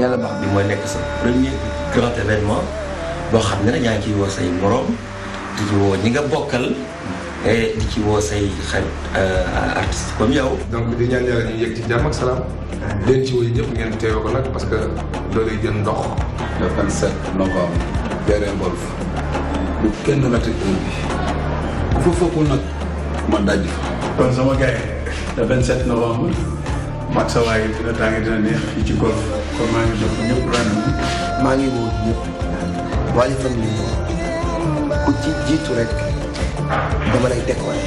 yàlla baax bi mooy nekk sa premier grand événement xam ne nag yaa ngi ciy woo say moroom di ci woo ñi nga bokkal eh, di ci woo say xarit eh, artiste comme yow. donc di ñaan a ñu yegg ci jàmm ak salaam. leen ci woy ñëpp ngeen teewoo ko nag parce que loolu jën ndox. le 27 novembre terrain golf bu kenn rate heure bi bu fa fokkul nag ma daj fa kon sama gars yi le 27 novembre mat sa waay dina tàng dina neex fii ci golf kon maa ngi jox ñëpp rendez-vous maa ngi woo ñëpp Waly Family ku ci jiitu rek dama lay décorer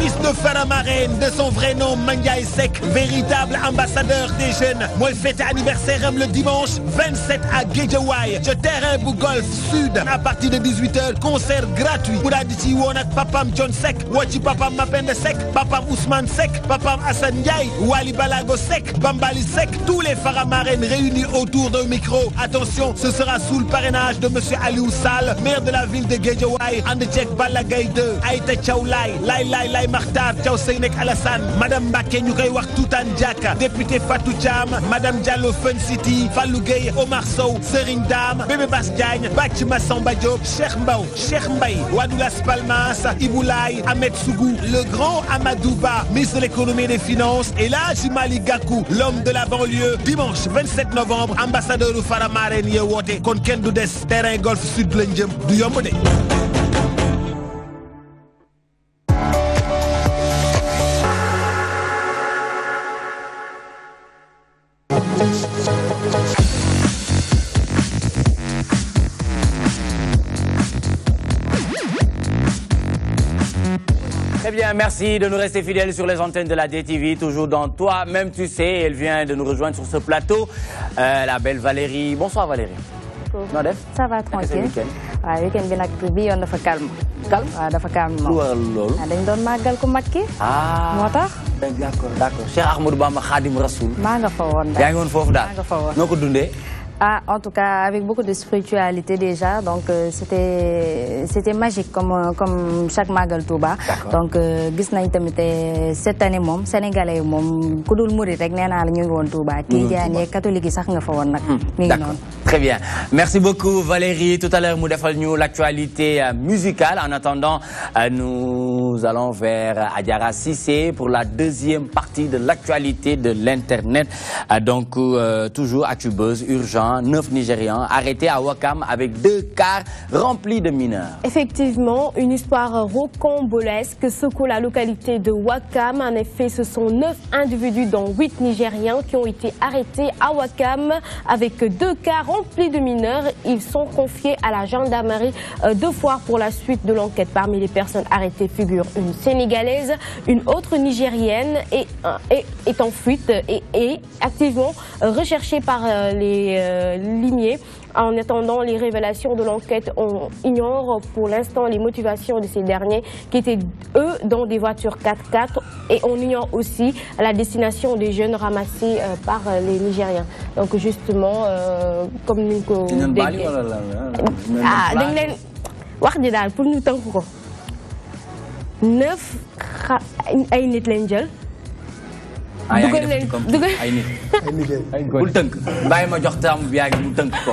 fils de Maren, de son vrai nom Manga Sek, véritable ambassadeur des jeunes. Moi, fête anniversaire le dimanche 27 à Guédiawaye, je terrain Golf Sud. À partir de 18h, concert gratuit. Pour Wonak, Papam John Sek, Wachi Papam Mapende Sek, Papam Ousmane Sek, Papam Hassan Wali Balago Sek, Bambali Sek, tous les Faramarènes réunis autour d'un micro. Attention, ce sera sous le parrainage de Monsieur Aliou Sal, maire de la ville de Guédiawaye, Andechek bala 2, Aïta Chaoulai, Lay Lai Lai Lai Makhtar Seynek Alassane madame Mbacké ñu koy wax député Fatou madame Diallo Fun City Fallou Omar Sow Serigne Dame Bébé Basgagne, Bachima Massamba Diop Cheikh Cheikh Palmas Iboulay, Ahmed Sougou le grand Amadouba, ministre de l'économie et des finances et là Jumali Gakou l'homme de la banlieue dimanche 27 novembre ambassadeur Oufara Faramareen yee Woté, terrain golf sud lañ jëm du yomb merci de nous rester fidèles sur les antennes de la DTV, toujours dans Toi, même tu sais. Elle vient de nous rejoindre sur ce plateau, euh, la belle Valérie. Bonsoir Valérie. ça va tranquille bien. Ça calme. calme ah, en tout cas, avec beaucoup de spiritualité déjà. Donc, euh, c'était magique comme, euh, comme chaque Magal bas. Donc, euh, cette année sénégalais catholique hmm, très bien merci beaucoup Valérie tout à l'heure nous l'actualité musicale en attendant nous allons vers Adiara Sissé pour la deuxième partie de l'actualité de l'internet donc toujours à urgent. 9 Nigérians, arrêtés à Wakam avec deux cars remplis de mineurs. Effectivement, une histoire rocambolesque secoue la localité de Wakam. En effet, ce sont 9 individus dont 8 Nigériens qui ont été arrêtés à Wakam avec deux cars remplis de mineurs. Ils sont confiés à la gendarmerie euh, deux fois pour la suite de l'enquête. Parmi les personnes arrêtées figurent une Sénégalaise, une autre Nigérienne et est en fuite et est activement recherchée par euh, les euh, euh, lignée. En attendant les révélations de l'enquête, on ignore pour l'instant les motivations de ces derniers qui étaient, eux, dans des voitures 4x4 et on ignore aussi la destination des jeunes ramassés euh, par euh, les Nigériens. Donc justement, comme nous... Ah, ne 9 dugal leen ay nit ay nit bul ma jox mu ko.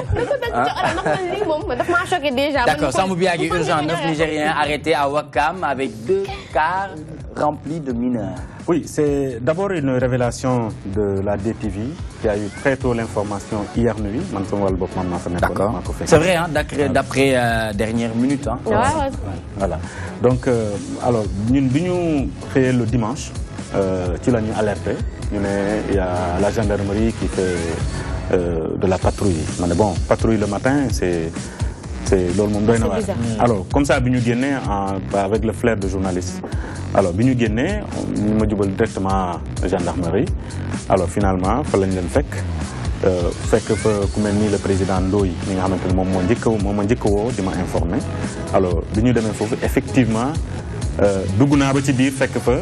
Ah. d'accord Ça biyaay gi urgent neuf Nigériens arrêtés à Wakam avec deux cars remplis de mineurs. Oui, c'est d'abord une révélation de la DTV qui a eu très tôt l'information hier nuit. D'accord. C'est vrai, hein, d'après euh, dernière minute. Hein. Voilà. Donc, euh, alors, nous avons créé le dimanche ci euh, l'as ñu alerté ñu il y a la gendarmerie qui fait euh, de la patrouille mais bon patrouille le matin c'est c'est loolu le monde na mm. alors comme ça bi ñu avec le flair de journaliste alors bi ñu génnee ñu ma jubal directement gendarmerie alors finalement fa lañ leen fekk euh, fekk fa ku mel le président Ndoye ni nga le moment moom moo njëkk moom ma njëkk woo ma informé alors bi ñu demee effectivement euh, naa ba ci biir fekk fa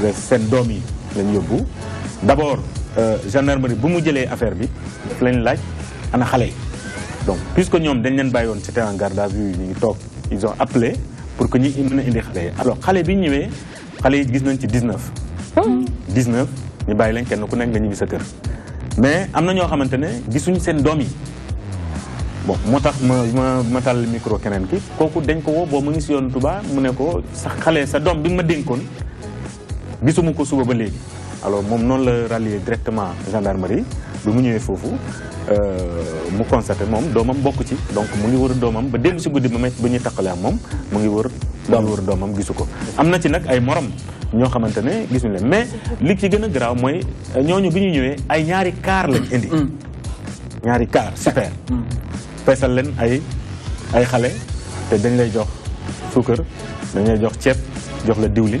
seen doom yi lañ yóbbu d'abord abord euh, gendarmerie bu mu jëlee affaire bi daf leen laaj ana xalé donc puisque ñom dañ leen bayoon woon c' en garde à vue ñi tok ils ont appelé pour que ñi mën indi xalé alors xalé bi ñëwee xalé yi gis nañ ci 19. 19 ñu bayi leen kenn ku nekk nga ñibi sa kër mais amna ño xamantene xamante ne gisuñ seen doom bon motax ma ma ma tàll micro keneen ki koku dañ ko wo bo mu ngi si yoon Touba mu ne ko sa xale sa dom bi ma dénkoon gisuma ko suba ba alors mom non la rallier directement gendarmerie bi mu fofu. foofu euh, mu constaté mom domam bokk ci donc mu ngi wër doomam ba dellu si guddi ba ba ñuy taqale ak moom mu ngi wër mu wër doomam gisu ko am na ci nag ay morom ñoo xamante ne gisuñu mais li ci gën a garaaw mooy euh, ñooñu bi ay ñaari car lañ indi mm. ñaari car super mm. peesal leen ay ay xale te dañ lay jox suukar dañ lay jox ceeb jox la diwlin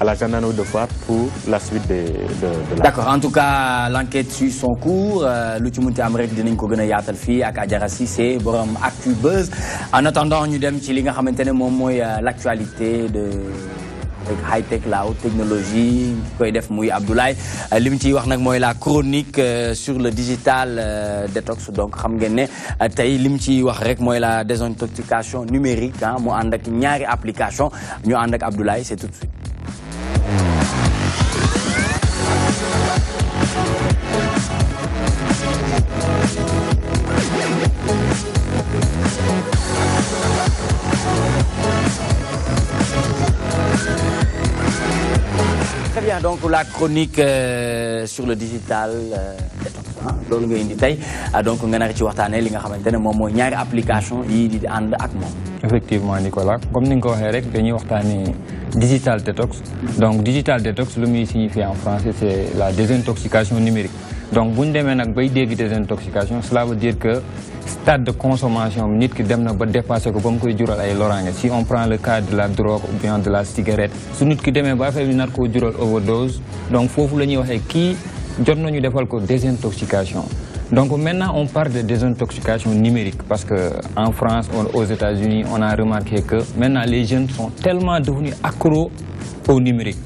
à la gendarmerie de Foire pour la suite de, de, de la... D'accord, en tout cas, l'enquête suit son cours. Euh, lu ci munti am rek dinañ ko gën a ak Adjara Cissé borom Actu Buzz en attendant ñu dem ci li nga xamante ne moom euh, l'actualité de Avec high tech la haute technologie ki koy def muy Abdoulaye euh, lim ci wax nak moy la chronique sur le digital détox donc xam ngeen né tay lim ci wax rek moy la désintoxication numérique hein mu and ak ñaari application ñu and ak Abdoulaye c'est tout de suite donc la chronique euh, sur le digital euh, hein, ah je nga indi donner donc nga nar ci waxtaanee li nga xamante ne moom mooy ñaari application il di en ak effectivement Nicolas comme ni nga ko nous rek dañuy digital detox donc digital detox le signifie en français c'est la désintoxication numérique donc si on a une idée de désintoxication cela veut dire que le stade de consommation nous nit dépassé ko si on prend le cas de la drogue ou bien de la cigarette si nit ki demee ba affaire faut overdose donc il faut ñuy qui kii jot nañu désintoxication Donc maintenant, on parle de désintoxication numérique parce qu'en France, aux États-Unis, on a remarqué que maintenant les jeunes sont tellement devenus accros faux numérique.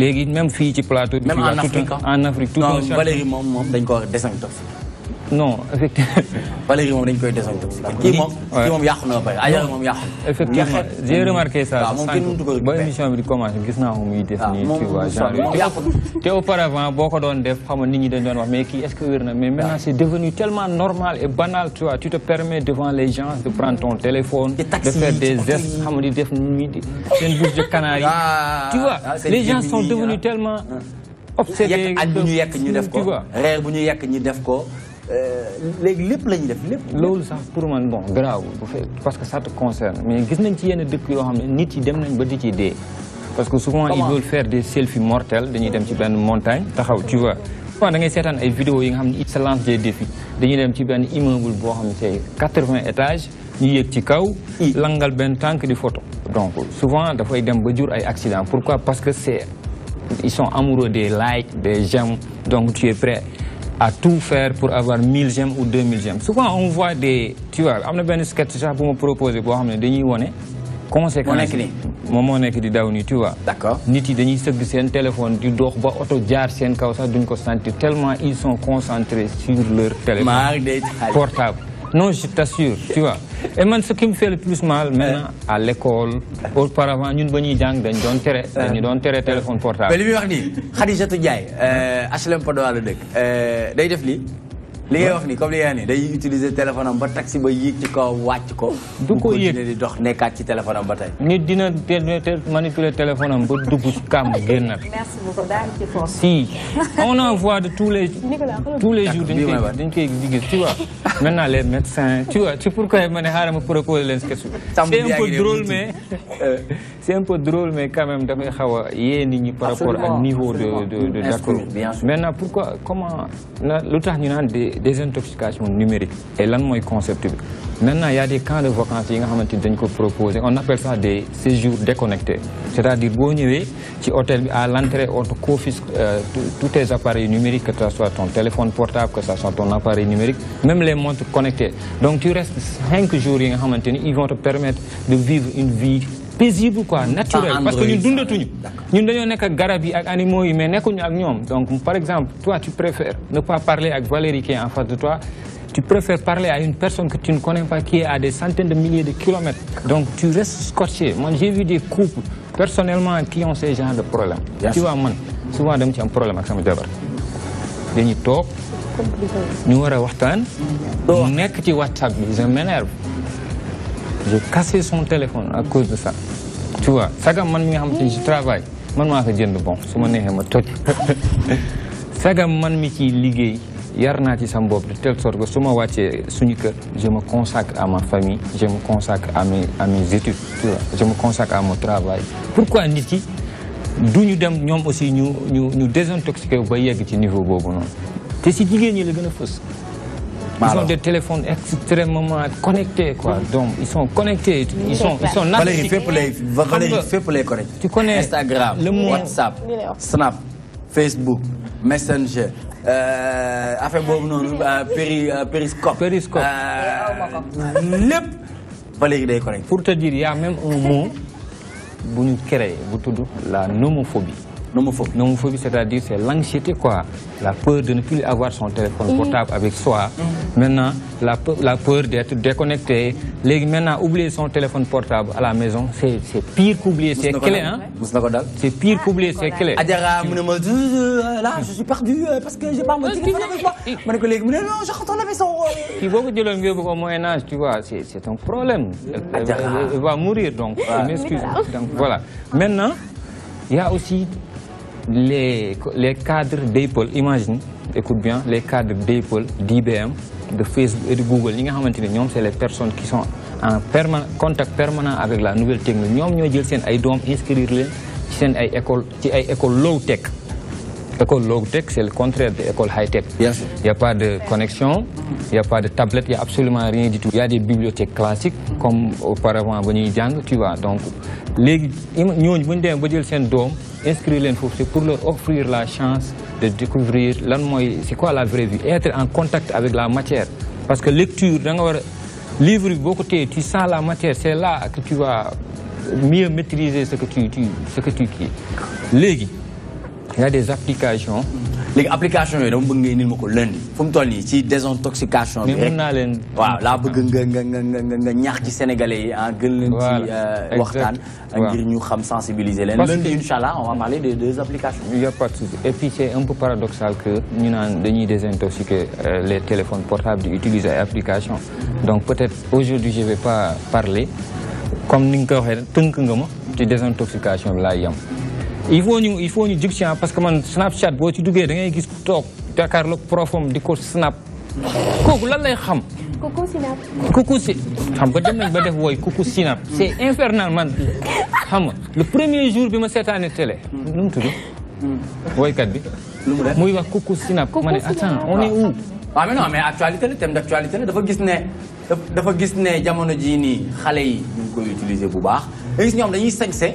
léegi même fii ci plateau. même en Afrique tout en Afrique tout un chacun. non ba léegi moom moom dañ ko wax non effectivement. Valérie on dañ koy désentoxé. kii moom kii Qui yàqu na ba pare aywa moom effectivement j'ai remarqué ça. Je ba émission bi di commencé gis naa ko muy def nii. tu vois genre te auparavant boo ko doon def xam nit ñi dañ doon wax mais kii est-ce que wér mais maintenant c'est devenu tellement normal et banal tu vois tu te permets devant les gens de prendre ton téléphone. de faire des gestes xam nga di def nuyu di une bouche de canari. Ah, tu vois ah, les gens sont ah. devenus tellement obsédés. yekk añ bu ñu yekk ñu def ko reer bu ñu yekk ñu euh, léegi lépp la ñuy def lépp. loolu sax pour man bon grave parce que ça te concerne mais gis nañ ci yenn dëkk yoo xam ne nit yi dem nañ ba ci dee. parce que souvent ils veulent faire des selfies mortels dañuy dem ci benn montagne taxaw tu vois. souvent da ngay seetaan ay vidéo yi nga xam ne se lancent des défis dañuy dem ci benn immeuble boo xam ne c'est 80 étages ñu yéeg ci kaw. langal benn tànk di photo. donc souvent dafay dem ba jur ay accident pourquoi parce que c'est ils sont amoureux des likes des j'aime donc tu es prêt à tout faire pour avoir 1000 gemmes ou 2000 gemmes. Souvent, on voit des. Tu vois, il y pour me proposer, pour me de conséquence. tu vois. d'accord téléphone tellement ils sont concentrés sur leur téléphone portable. Non, je t'assure, tu vois. Et moi, ce qui me fait le plus mal maintenant à l'école, auparavant, nous avons jang dañ doon téré euh. dañu doon téré téléphone portable. Mais lui, il wax ni Khadijatou Ndiaye euh HLM Padois la dëkk euh day def li les gens, ni comme les nga ils utilisent day utiliser téléphone en ba taxi ba yéeg ci kaw wàcc ko. du ko yéeg di dox nekkaat ci téléphone en ba tey. nit dina manipuler téléphone am ba merci beaucoup d'être ci force. si on en voit de tous les. tous les jours tu vois. maintenant les médecins tu vois c'est pourquoi je ne xaaral ma proposer leen sketch. c'est un peu drôle mais euh, c'est un peu drôle mais quand même dafay y a des nit par rapport au niveau de de de d'accord. maintenant pourquoi comment L'autre, il y ñu des désintoxication numérique et là, moi, concept maintenant maintenant y a des camps de vacances qui sont proposés. proposer on appelle ça des séjours déconnectés c'est-à-dire vous venez à l'entrée on te confisque euh, tous tes appareils numériques que ce soit ton téléphone portable que ça soit ton appareil numérique même les montres connectées donc tu restes 5 jours ils vont te permettre de vivre une vie paisible quoi naturel parce que ñun dundatuñu ñun dañu Nous ak garab yi ak animaux yi mais ak ñom donc par exemple toi tu préfères ne pas parler avec Valérie qui est en face de toi tu préfères parler à une personne que tu ne connais pas qui est à des centaines de milliers de kilomètres. Donc tu restes scotché. Moi j'ai vu des couples personnellement qui ont ce genre de problème. Tu vois, souvent je un problème avec sama jabar. ñu wara waxtaan. nekk ci WhatsApp bi je m'énerve j'ai cassé son téléphone à cause de ça tu vois sagam man mi nga je travaille man maa ko jënd bon su ma neexee ma toj sagam man mi ciy liggéey yar ci sama bopp de telle sorte que su ma suñu kër je me consacre à ma famille je me consacre à mes à mes études tu vois je me consacre à mon travail pourquoi nit yi du dem ñoom aussi ñu ñu ñu désintoxiqué ba yegg ci niveau boobu noonu te si jigéen ñi la est a fës ils ont des téléphones extrêmement connectés, quoi. Donc, ils sont connectés, ils sont, ils sont Valérie, fais pour les, pour les connecter. Tu connais Instagram, WhatsApp, Snap, Facebook, Messenger. Euh, affaire Periscope, euh, Periscope. péri euh, périscope. périscope euh, Valérie est connecté. pour te dire il y' a même un mot vous ñu bu la nomophobie non Nomophobie, c'est-à-dire c'est l'anxiété, quoi. La peur de ne plus avoir son téléphone portable avec soi. Mm. Maintenant, la peur, d'être déconnecté. Les, maintenant, oublier son téléphone portable à la maison, c'est pire qu'oublier ses clés. Hein? C'est pire qu'oublier ses clés. Adira, là, je suis perdu euh, parce que j'ai pas mon euh, téléphone avec moi. Mon collègue, non, je rentre à la maison. Si vous dites le mieux au Moyen-Âge, tu vois, c'est un problème. Elle, va mourir, donc, je m'excuse. voilà. Maintenant, il y a aussi les, les cadres d'Apple, imagine, écoute bien, les cadres d'Apple, d'IBM, de Facebook et de Google, c'est les personnes qui sont en contact permanent avec la nouvelle technologie. Nous avons des inscrire les dans des écoles, école low-tech. L'école low-tech, c'est le contraire de l'école high-tech. Il n'y a pas de connexion, il n'y a pas de tablette, il n'y a absolument rien du tout. Il y a des bibliothèques classiques, comme auparavant à tu vois. Donc, les, nous avons des inscrire l'info c'est pour leur offrir la chance de découvrir c'est quoi la vraie vie être en contact avec la matière parce que lecture livre beaucoup de tu sens la matière c'est là que tu vas mieux maîtriser ce que tu tu ce que tu il y a des applications léegi application yooyu dama bëgg ngeen indil ma ko lundi fu mu toll nii ci désintoxication bi rek waaw laa bëgg nga nga nga nga ñaax ci sénégalais yi ah gën leen ci euh, waxtaan euh, ngir ñu xam sensibiliser leen lundi incha allah on va parler des deux applications il y a pas de souci et puis c'est un peu paradoxal que ñu naan dañuy désintoxiquer euh, les téléphones portables di utiliser application donc peut-être aujourd'hui je vais pas parler comme ni nga ko waxee tënk nga ma ci désintoxication bi yam il faut ñu il faut ñu jug ah, parce que man Snapchat boo ci duggee da ngay gis ku toog jàkkaarloog profom di ko snap kooku lan lay xam. coucou Snap. coucou si xam ba dem ba def wooy coucou Snap. C'est infernal man xam le premier jour bi ma seetaane télé. nu mu tudd. wooykat bi. lu mu def wax coucou Snap. Man, ne attends on est où. waaw ah, mais non mais actualité la thème d' actualité la dafa gis ne dafa gis ne jamono jii nii xale yi. ñu ngi koy utiliser bu baax. gis ñoom dañuy sañse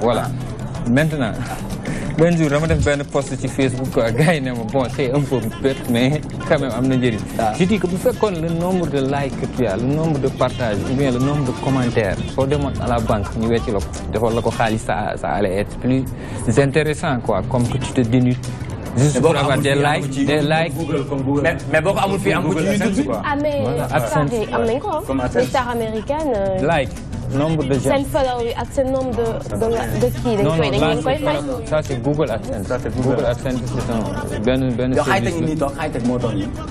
voilà maintenant ben jour dama def ben post ci Facebook quoi gars bon c'est un peu bête mais quand même amna na ah. je dis que bu fekkoon le nombre de likes que tu as le nombre de partages ou bien le nombre de commentaires faut demande à la banque ni wéti la ko ça ça allait être plus intéressant quoi comme que tu te dénudes des likes des likes mais bon, amul un am de mais les stars américaines euh, like nombre de gens follower nombre de de qui? non, non, ça c'est Google AdSense ça c'est Google AdSense c'est un service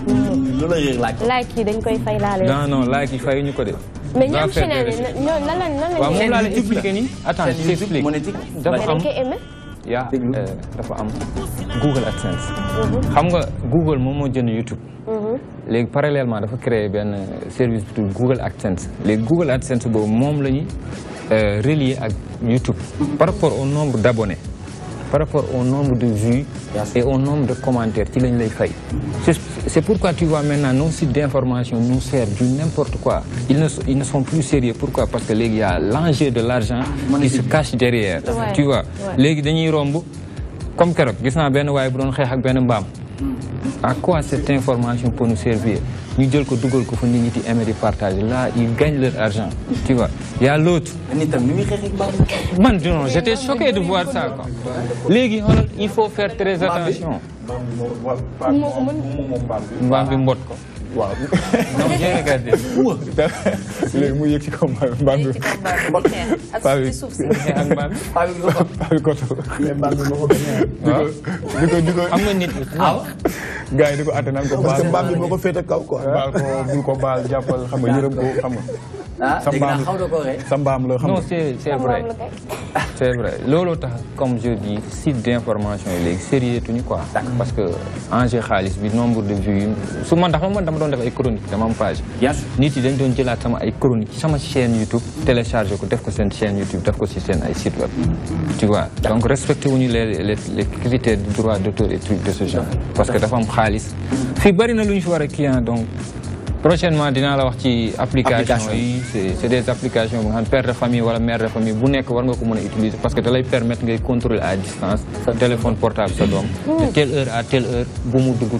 hmm. la like like yi dañ koy fay non non like yi fayuñu ko de mais non, nan nan non, non, non, non, non. attends je yaa euh, dafa am Google AdSense xam nga Google moom moo jënd YouTube mhm. léegi parallèlement dafa créer benn service bi tudd Google AdSense léegi Google AdSense boobu moom la ñuy euh, relier ak YouTube par rapport au nombre d' abonnés par rapport au nombre de vues et au nombre de commentaires qui les fait. C'est pourquoi tu vois maintenant nos sites d'information nous servent du n'importe quoi. Ils ne, ils ne, sont plus sérieux. Pourquoi Parce que les, il y a l'enjeu de l'argent qui se cache derrière. Tu vois, ouais. les, comme Karab, à quoi cette information peut nous servir Nous disons que Google que font Là, ils gagnent leur argent. Tu vois Il y a l'autre. J'étais choqué de voir ça. Les il faut faire très attention. waaw. non bien regardé. léegi mu yëg ci kaw mbaam bi. paa bi paa bi koto. di ko di ko am na nit gars yi di ko atte naan ko baal. mbaam bi moo ko féete kaw quoi. baal ko bul ko baal jàppal xam nga yërëm ko xam nga. ah dégg naa xaw na ko rek sa mbaam la xam nga non c'est c'est vrai c'est vrai looloo tax comme je dis site d'information yi léegi sérieux tuñu quoi. parce que enjeu xaalis bi nombre de vues su ma ndax man dama don def ay chronique dama am page nit yi dañ don jëlat sama ay chronique sama chaîne YouTube télécharger ko def ko sen chaîne YouTube def ko ci sen ay site web tu vois donc respecté wuñu les les les critères du droit d'auteur et trucs de ce genre parce que dafa am xaalis fi bari na lu fi wara client ah, donc prochainement dina la wax ci application yi c'est des applications bu père de famille wala mère de famille bu nek war nga ko mën utiliser parce que da lay permettre ngay contrôler à distance téléphone portable sa dom hmm. de telle heure à telle heure bu mu dugut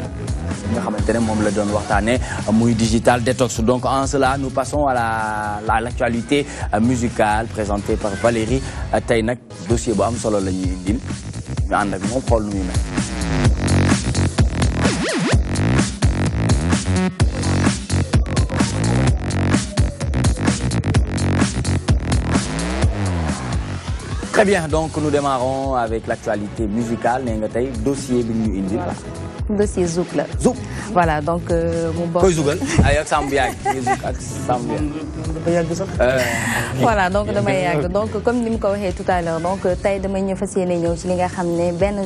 nga xamante ne moom la doon waxtaane muy digital détox donc en cela nous passons à la l'actualité euh, musicale présentée par Valérie euh, tey nag dossier bu am solo la ñuy indil muy Très bien, donc nous démarrons avec l'actualité musicale. Nous un dossier de si zouk là, zouk voilà donc euh, mon bokk. koy zugal ay sambiak, zouk voilà donc damay yàgg donc comme nous mu ko tout à l'heure donc taille damay ñëw fas yéene ñëw ci li nga xam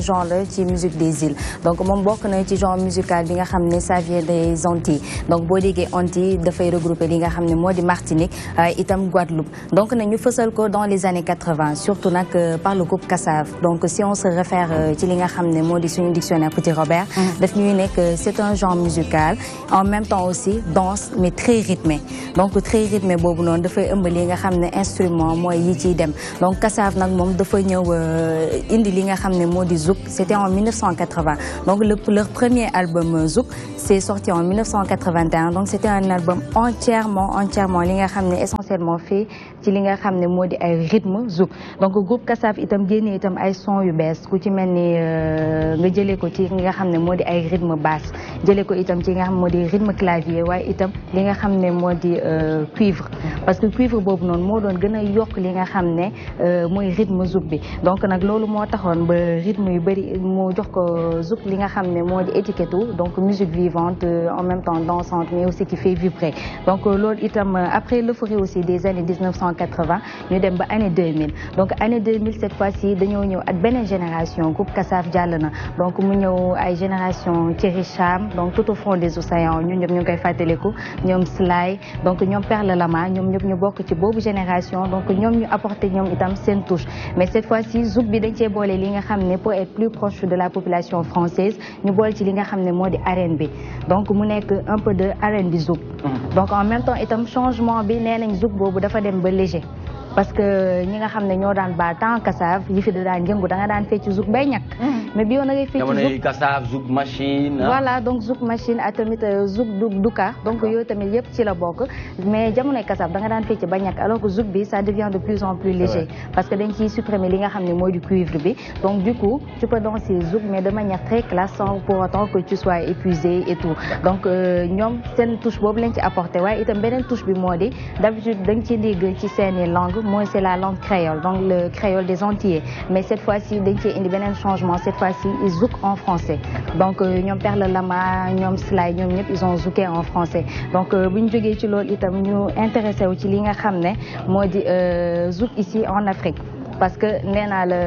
genre la ci musique des îles donc mon bokk na ci genre musical bi nga xam ça vient des Antilles donc boo déggee Antilles faire regrouper li nga moi ne Martinique, di Martinique euh, itam Guadeloupe donc na ñu fësal ko dans les années 80 surtout que euh, par le groupe Kassav donc si on se réfère ci li nga xam ne moo dictionnaire Petit Robert. Mm-hmm. c'est un genre musical en même temps aussi danse mais très rythmé donc très rythmé boobu non, dafay ëmb li nga à ramener instrument moi yi donc Kassav a fait fait ñëw euh, indi li nga xam ne Zouk c'était en 1980 donc leur premier album euh, Zouk c'est sorti en 1981 donc c'était un album entièrement entièrement li nga ramener essentiellement fait ci li nga xam rythme Zouk donc le groupe Kassav itam génne itam ay son yu bees ku ci mel euh, nga ko ci moo un ay rythme basse jëlé ko itam ci nga xam rythme clavier way itam li nga xam euh, cuivre parce que cuivre bobu non rythme doon gëna yok li nga euh, rythme zouk bi donc nak lolu mo taxone ba rythme yu bari mo jox ko zouk li nga étiquette donc musique vivante euh, en même temps dansante mais aussi qui fait vibrer donc lolu itam après l'euphorie aussi des années 1980 ñu dem ba année 2000 donc année 2000 cette fois-ci dañu ñëw ak beneen génération groupe Kassaf Djalana. donc mu ñëw ay génération génération Thierry Cham donc tout au fond des océans ñun ñëpp ñu ngi koy fàttaliku ñoom Sly donc ñoom Perle Lama ñoom ñëpp ñu bokk ci boobu génération donc nous ñu apporté ñoom itam seen touche mais cette fois ci zouk bi dañ cee boole li nga pour être plus proche de la population française ñu boole ci li nga xam ne arène bi donc mu nekk un peu de arène bi zouk hum. donc en même temps itam changement bi nee nañ zouk boobu dafa dem ba léger parce que ñi nga xam ñoo daan ba temps kasaaf yi fi da daan yëngu da nga daan fecc zug bay ñak mm-hmm. mais bi yow na ngay fecc zug kasaaf zug machine ah. voilà donc zug machine ak tamit euh, zug duka donc yo tamit yépp ci la bok mais jamono kasaaf da nga daan fecc ba ñàkk alors que zug bi ça devient de plus en plus léger parce que dañ ciy supprimer li nga xamné moy du cuivre bi donc du coup tu peux danser zug mais de manière très classe sans pour autant que tu sois épuisé et tout donc euh, ñoom sen touche bobu lañ ci apporter way itam benen touche bi modi d'habitude dañ ci dégg ci seeni langue moi c'est la langue créole donc le créole des Antilles. mais cette fois-ci y a indi un changement cette fois-ci ils zouk en français donc euh, ñoom Perle Lama ñoom Slay ils ont zouké en français donc euh, bu ñu jógee ci loolu itam ñu intéressé wu ci li euh, zouk ici en Afrique parce que nee naa la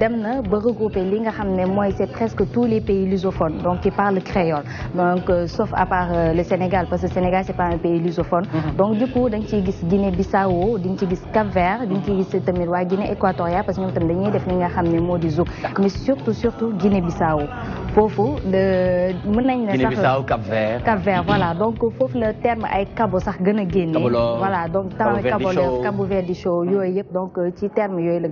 dem ba regrouper li nga xam ne c'est presque tous les pays lusophones donc qui parlent créole donc euh, sauf à part euh, le Sénégal parce que le Sénégal c'est pas un pays lusophone mm-hmm. donc du coup d'un nga Guinée-Bissau d'un nga ci Cap-Vert d'un nga ciy Guinée équatoriale parce que nous tam dañuy def li nga xam ne zouk mais surtout surtout Guinée-Bissau fofu de mën nañ Cap-Vert Cap-Vert voilà mm-hmm. donc fofu le terme ay Cabo sax gën voilà donc tam Cabo kabo verdi show yo yëpp donc euh, ci terme yo le.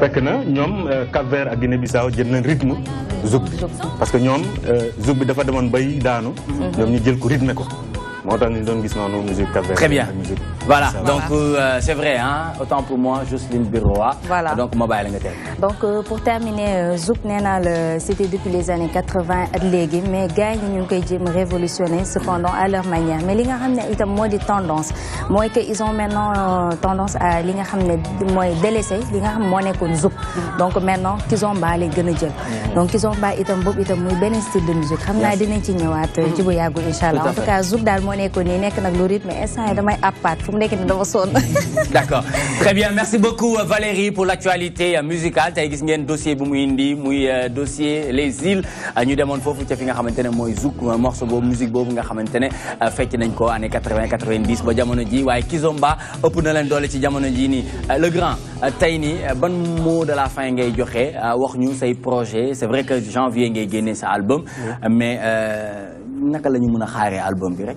fekk na ñoom euh, Cap a ak Guinée Bissau jël nañ rythme zouk bi parce que ñoom euh, zouk bi dafa demoon bay daanu mhm. ñoom ñu jël ko rythme ko musique très bien voilà donc euh, c'est vrai hein autant pour moi Jocelyne Biroa voilà donc mobile donc euh, pour terminer euh, Zouk n'est pas le. depuis les années 80 et l'église mais gars une ñu révolutionné cependant à leur manière mais li nga xam ne itam tendance Moi, ils ont maintenant tendance à li nga xam ne délaisser li nga xam moo Zouk mm. donc maintenant ils ont gën a jël mm. donc ont itam boobu itam muy style de musique ils ont dinañ ci ñëwaat ci bu mm. en tout cas Zouk daal on est nek nak nag rythme instant yi damay appaat fum nek ni dama son d'accord très bien merci beaucoup euh, Valérie pour l'actualité euh, musicale tay gis ngeen dossier bu muy indi muy euh, dossier les îles ñu demoon fofu ci fi nga xamantene moy zouk morceau boobu musique boobu nga xamantene fecc nañ ko année 80 90 ba jamono ji waye Kizomba ëpp na leen doole ci jamono ji ni le grand tey nii ban mot de la fin ngay joxe wax ñu say projet c'est vrai que janvier ngay génne sa album mais naka la mëna xaaré album bi rek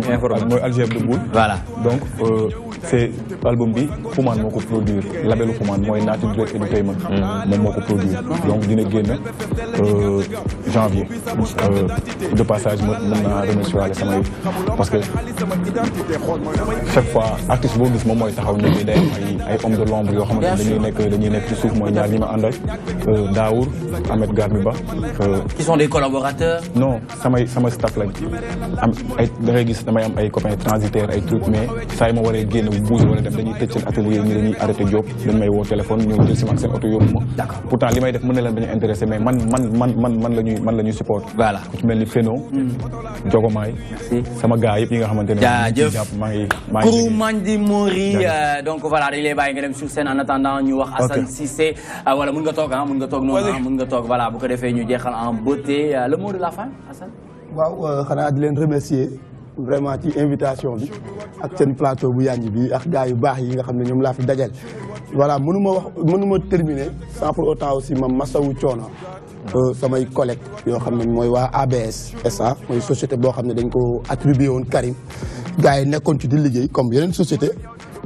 Mhm. mooy algèbre de boule voilà donc euh, c'est album bi Xuman Moko produire Label Xuman moi, Native Dread Entertainment mhm. moom moi ko produire donc dina euh, janvier euh, de passage moi mën naa remercier waale samay parce que chaque fois artiste boo moi moom mooy taxaw ñu day ay ay de l'ombre yoo xamante dañuy nekk dañuy nekk ci suuf mooy ñaar ñi ma àndal euh, Daour Ahmed Garmi qui sont des collaborateurs non samay sama staff lañ am ay da ngay damay am ay copains transitaires ay trucs mais saa ma waré génn bu wala dem dañuy tëj seen atelier ñu dañuy arrêté job dañ may wo téléphone ñu jël sama maag auto oto yóbbu pourtant li may def mëna na leen intéressé mais man man man man man la man lañuy support voilà ku ci melni ni Feno hmm. Jogomaay sama gars yëpp yi nga xamante ne japp ma ngi maa ngi Mandi Mori euh, donc voilà dañ lay bàyyi nga dem sur scène en attendant ñu wax Assane Cissé wala euh, mun nga toog ah mun nga toog noonu ah, mun nga toog voilà bu ko défé ñu jéxal en beauté euh, le mot de la fin Assane waaw xanaa di leen remercier vraiment ci invitation bi ak seen plateau bu yànj bi ak gars yu baax yi nga xam ñoom laa fi dajal voilà mënu ma wax mënu ma terminer sans pour autant aussi ma masawu coono euh, samay collègues yoo xam ne mooy waa ABS SA mooy société boo xam ne dañ ko attribué woon Karim gars yi nekkoon ci di liggéey comme yeneen société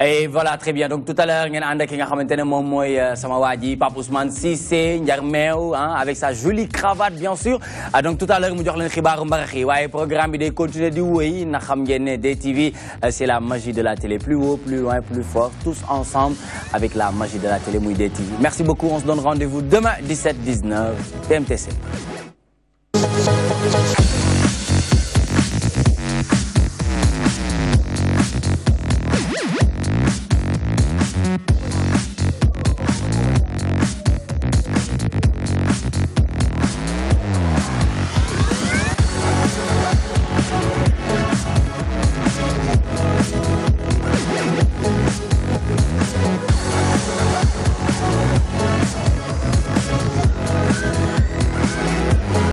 et eh, voilà très bien donc tout à l'heure nous avons un ki nga euh, sama wadi Ousmane Cissé hein, avec sa jolie cravate bien sûr ah, donc tout à l'heure mu jox leen xibaaru programme na DTV euh, c'est la magie de la télé plus haut plus loin plus fort tous ensemble avec la magie de la télé DTV merci beaucoup on se donne rendez-vous demain 17 19 TMTC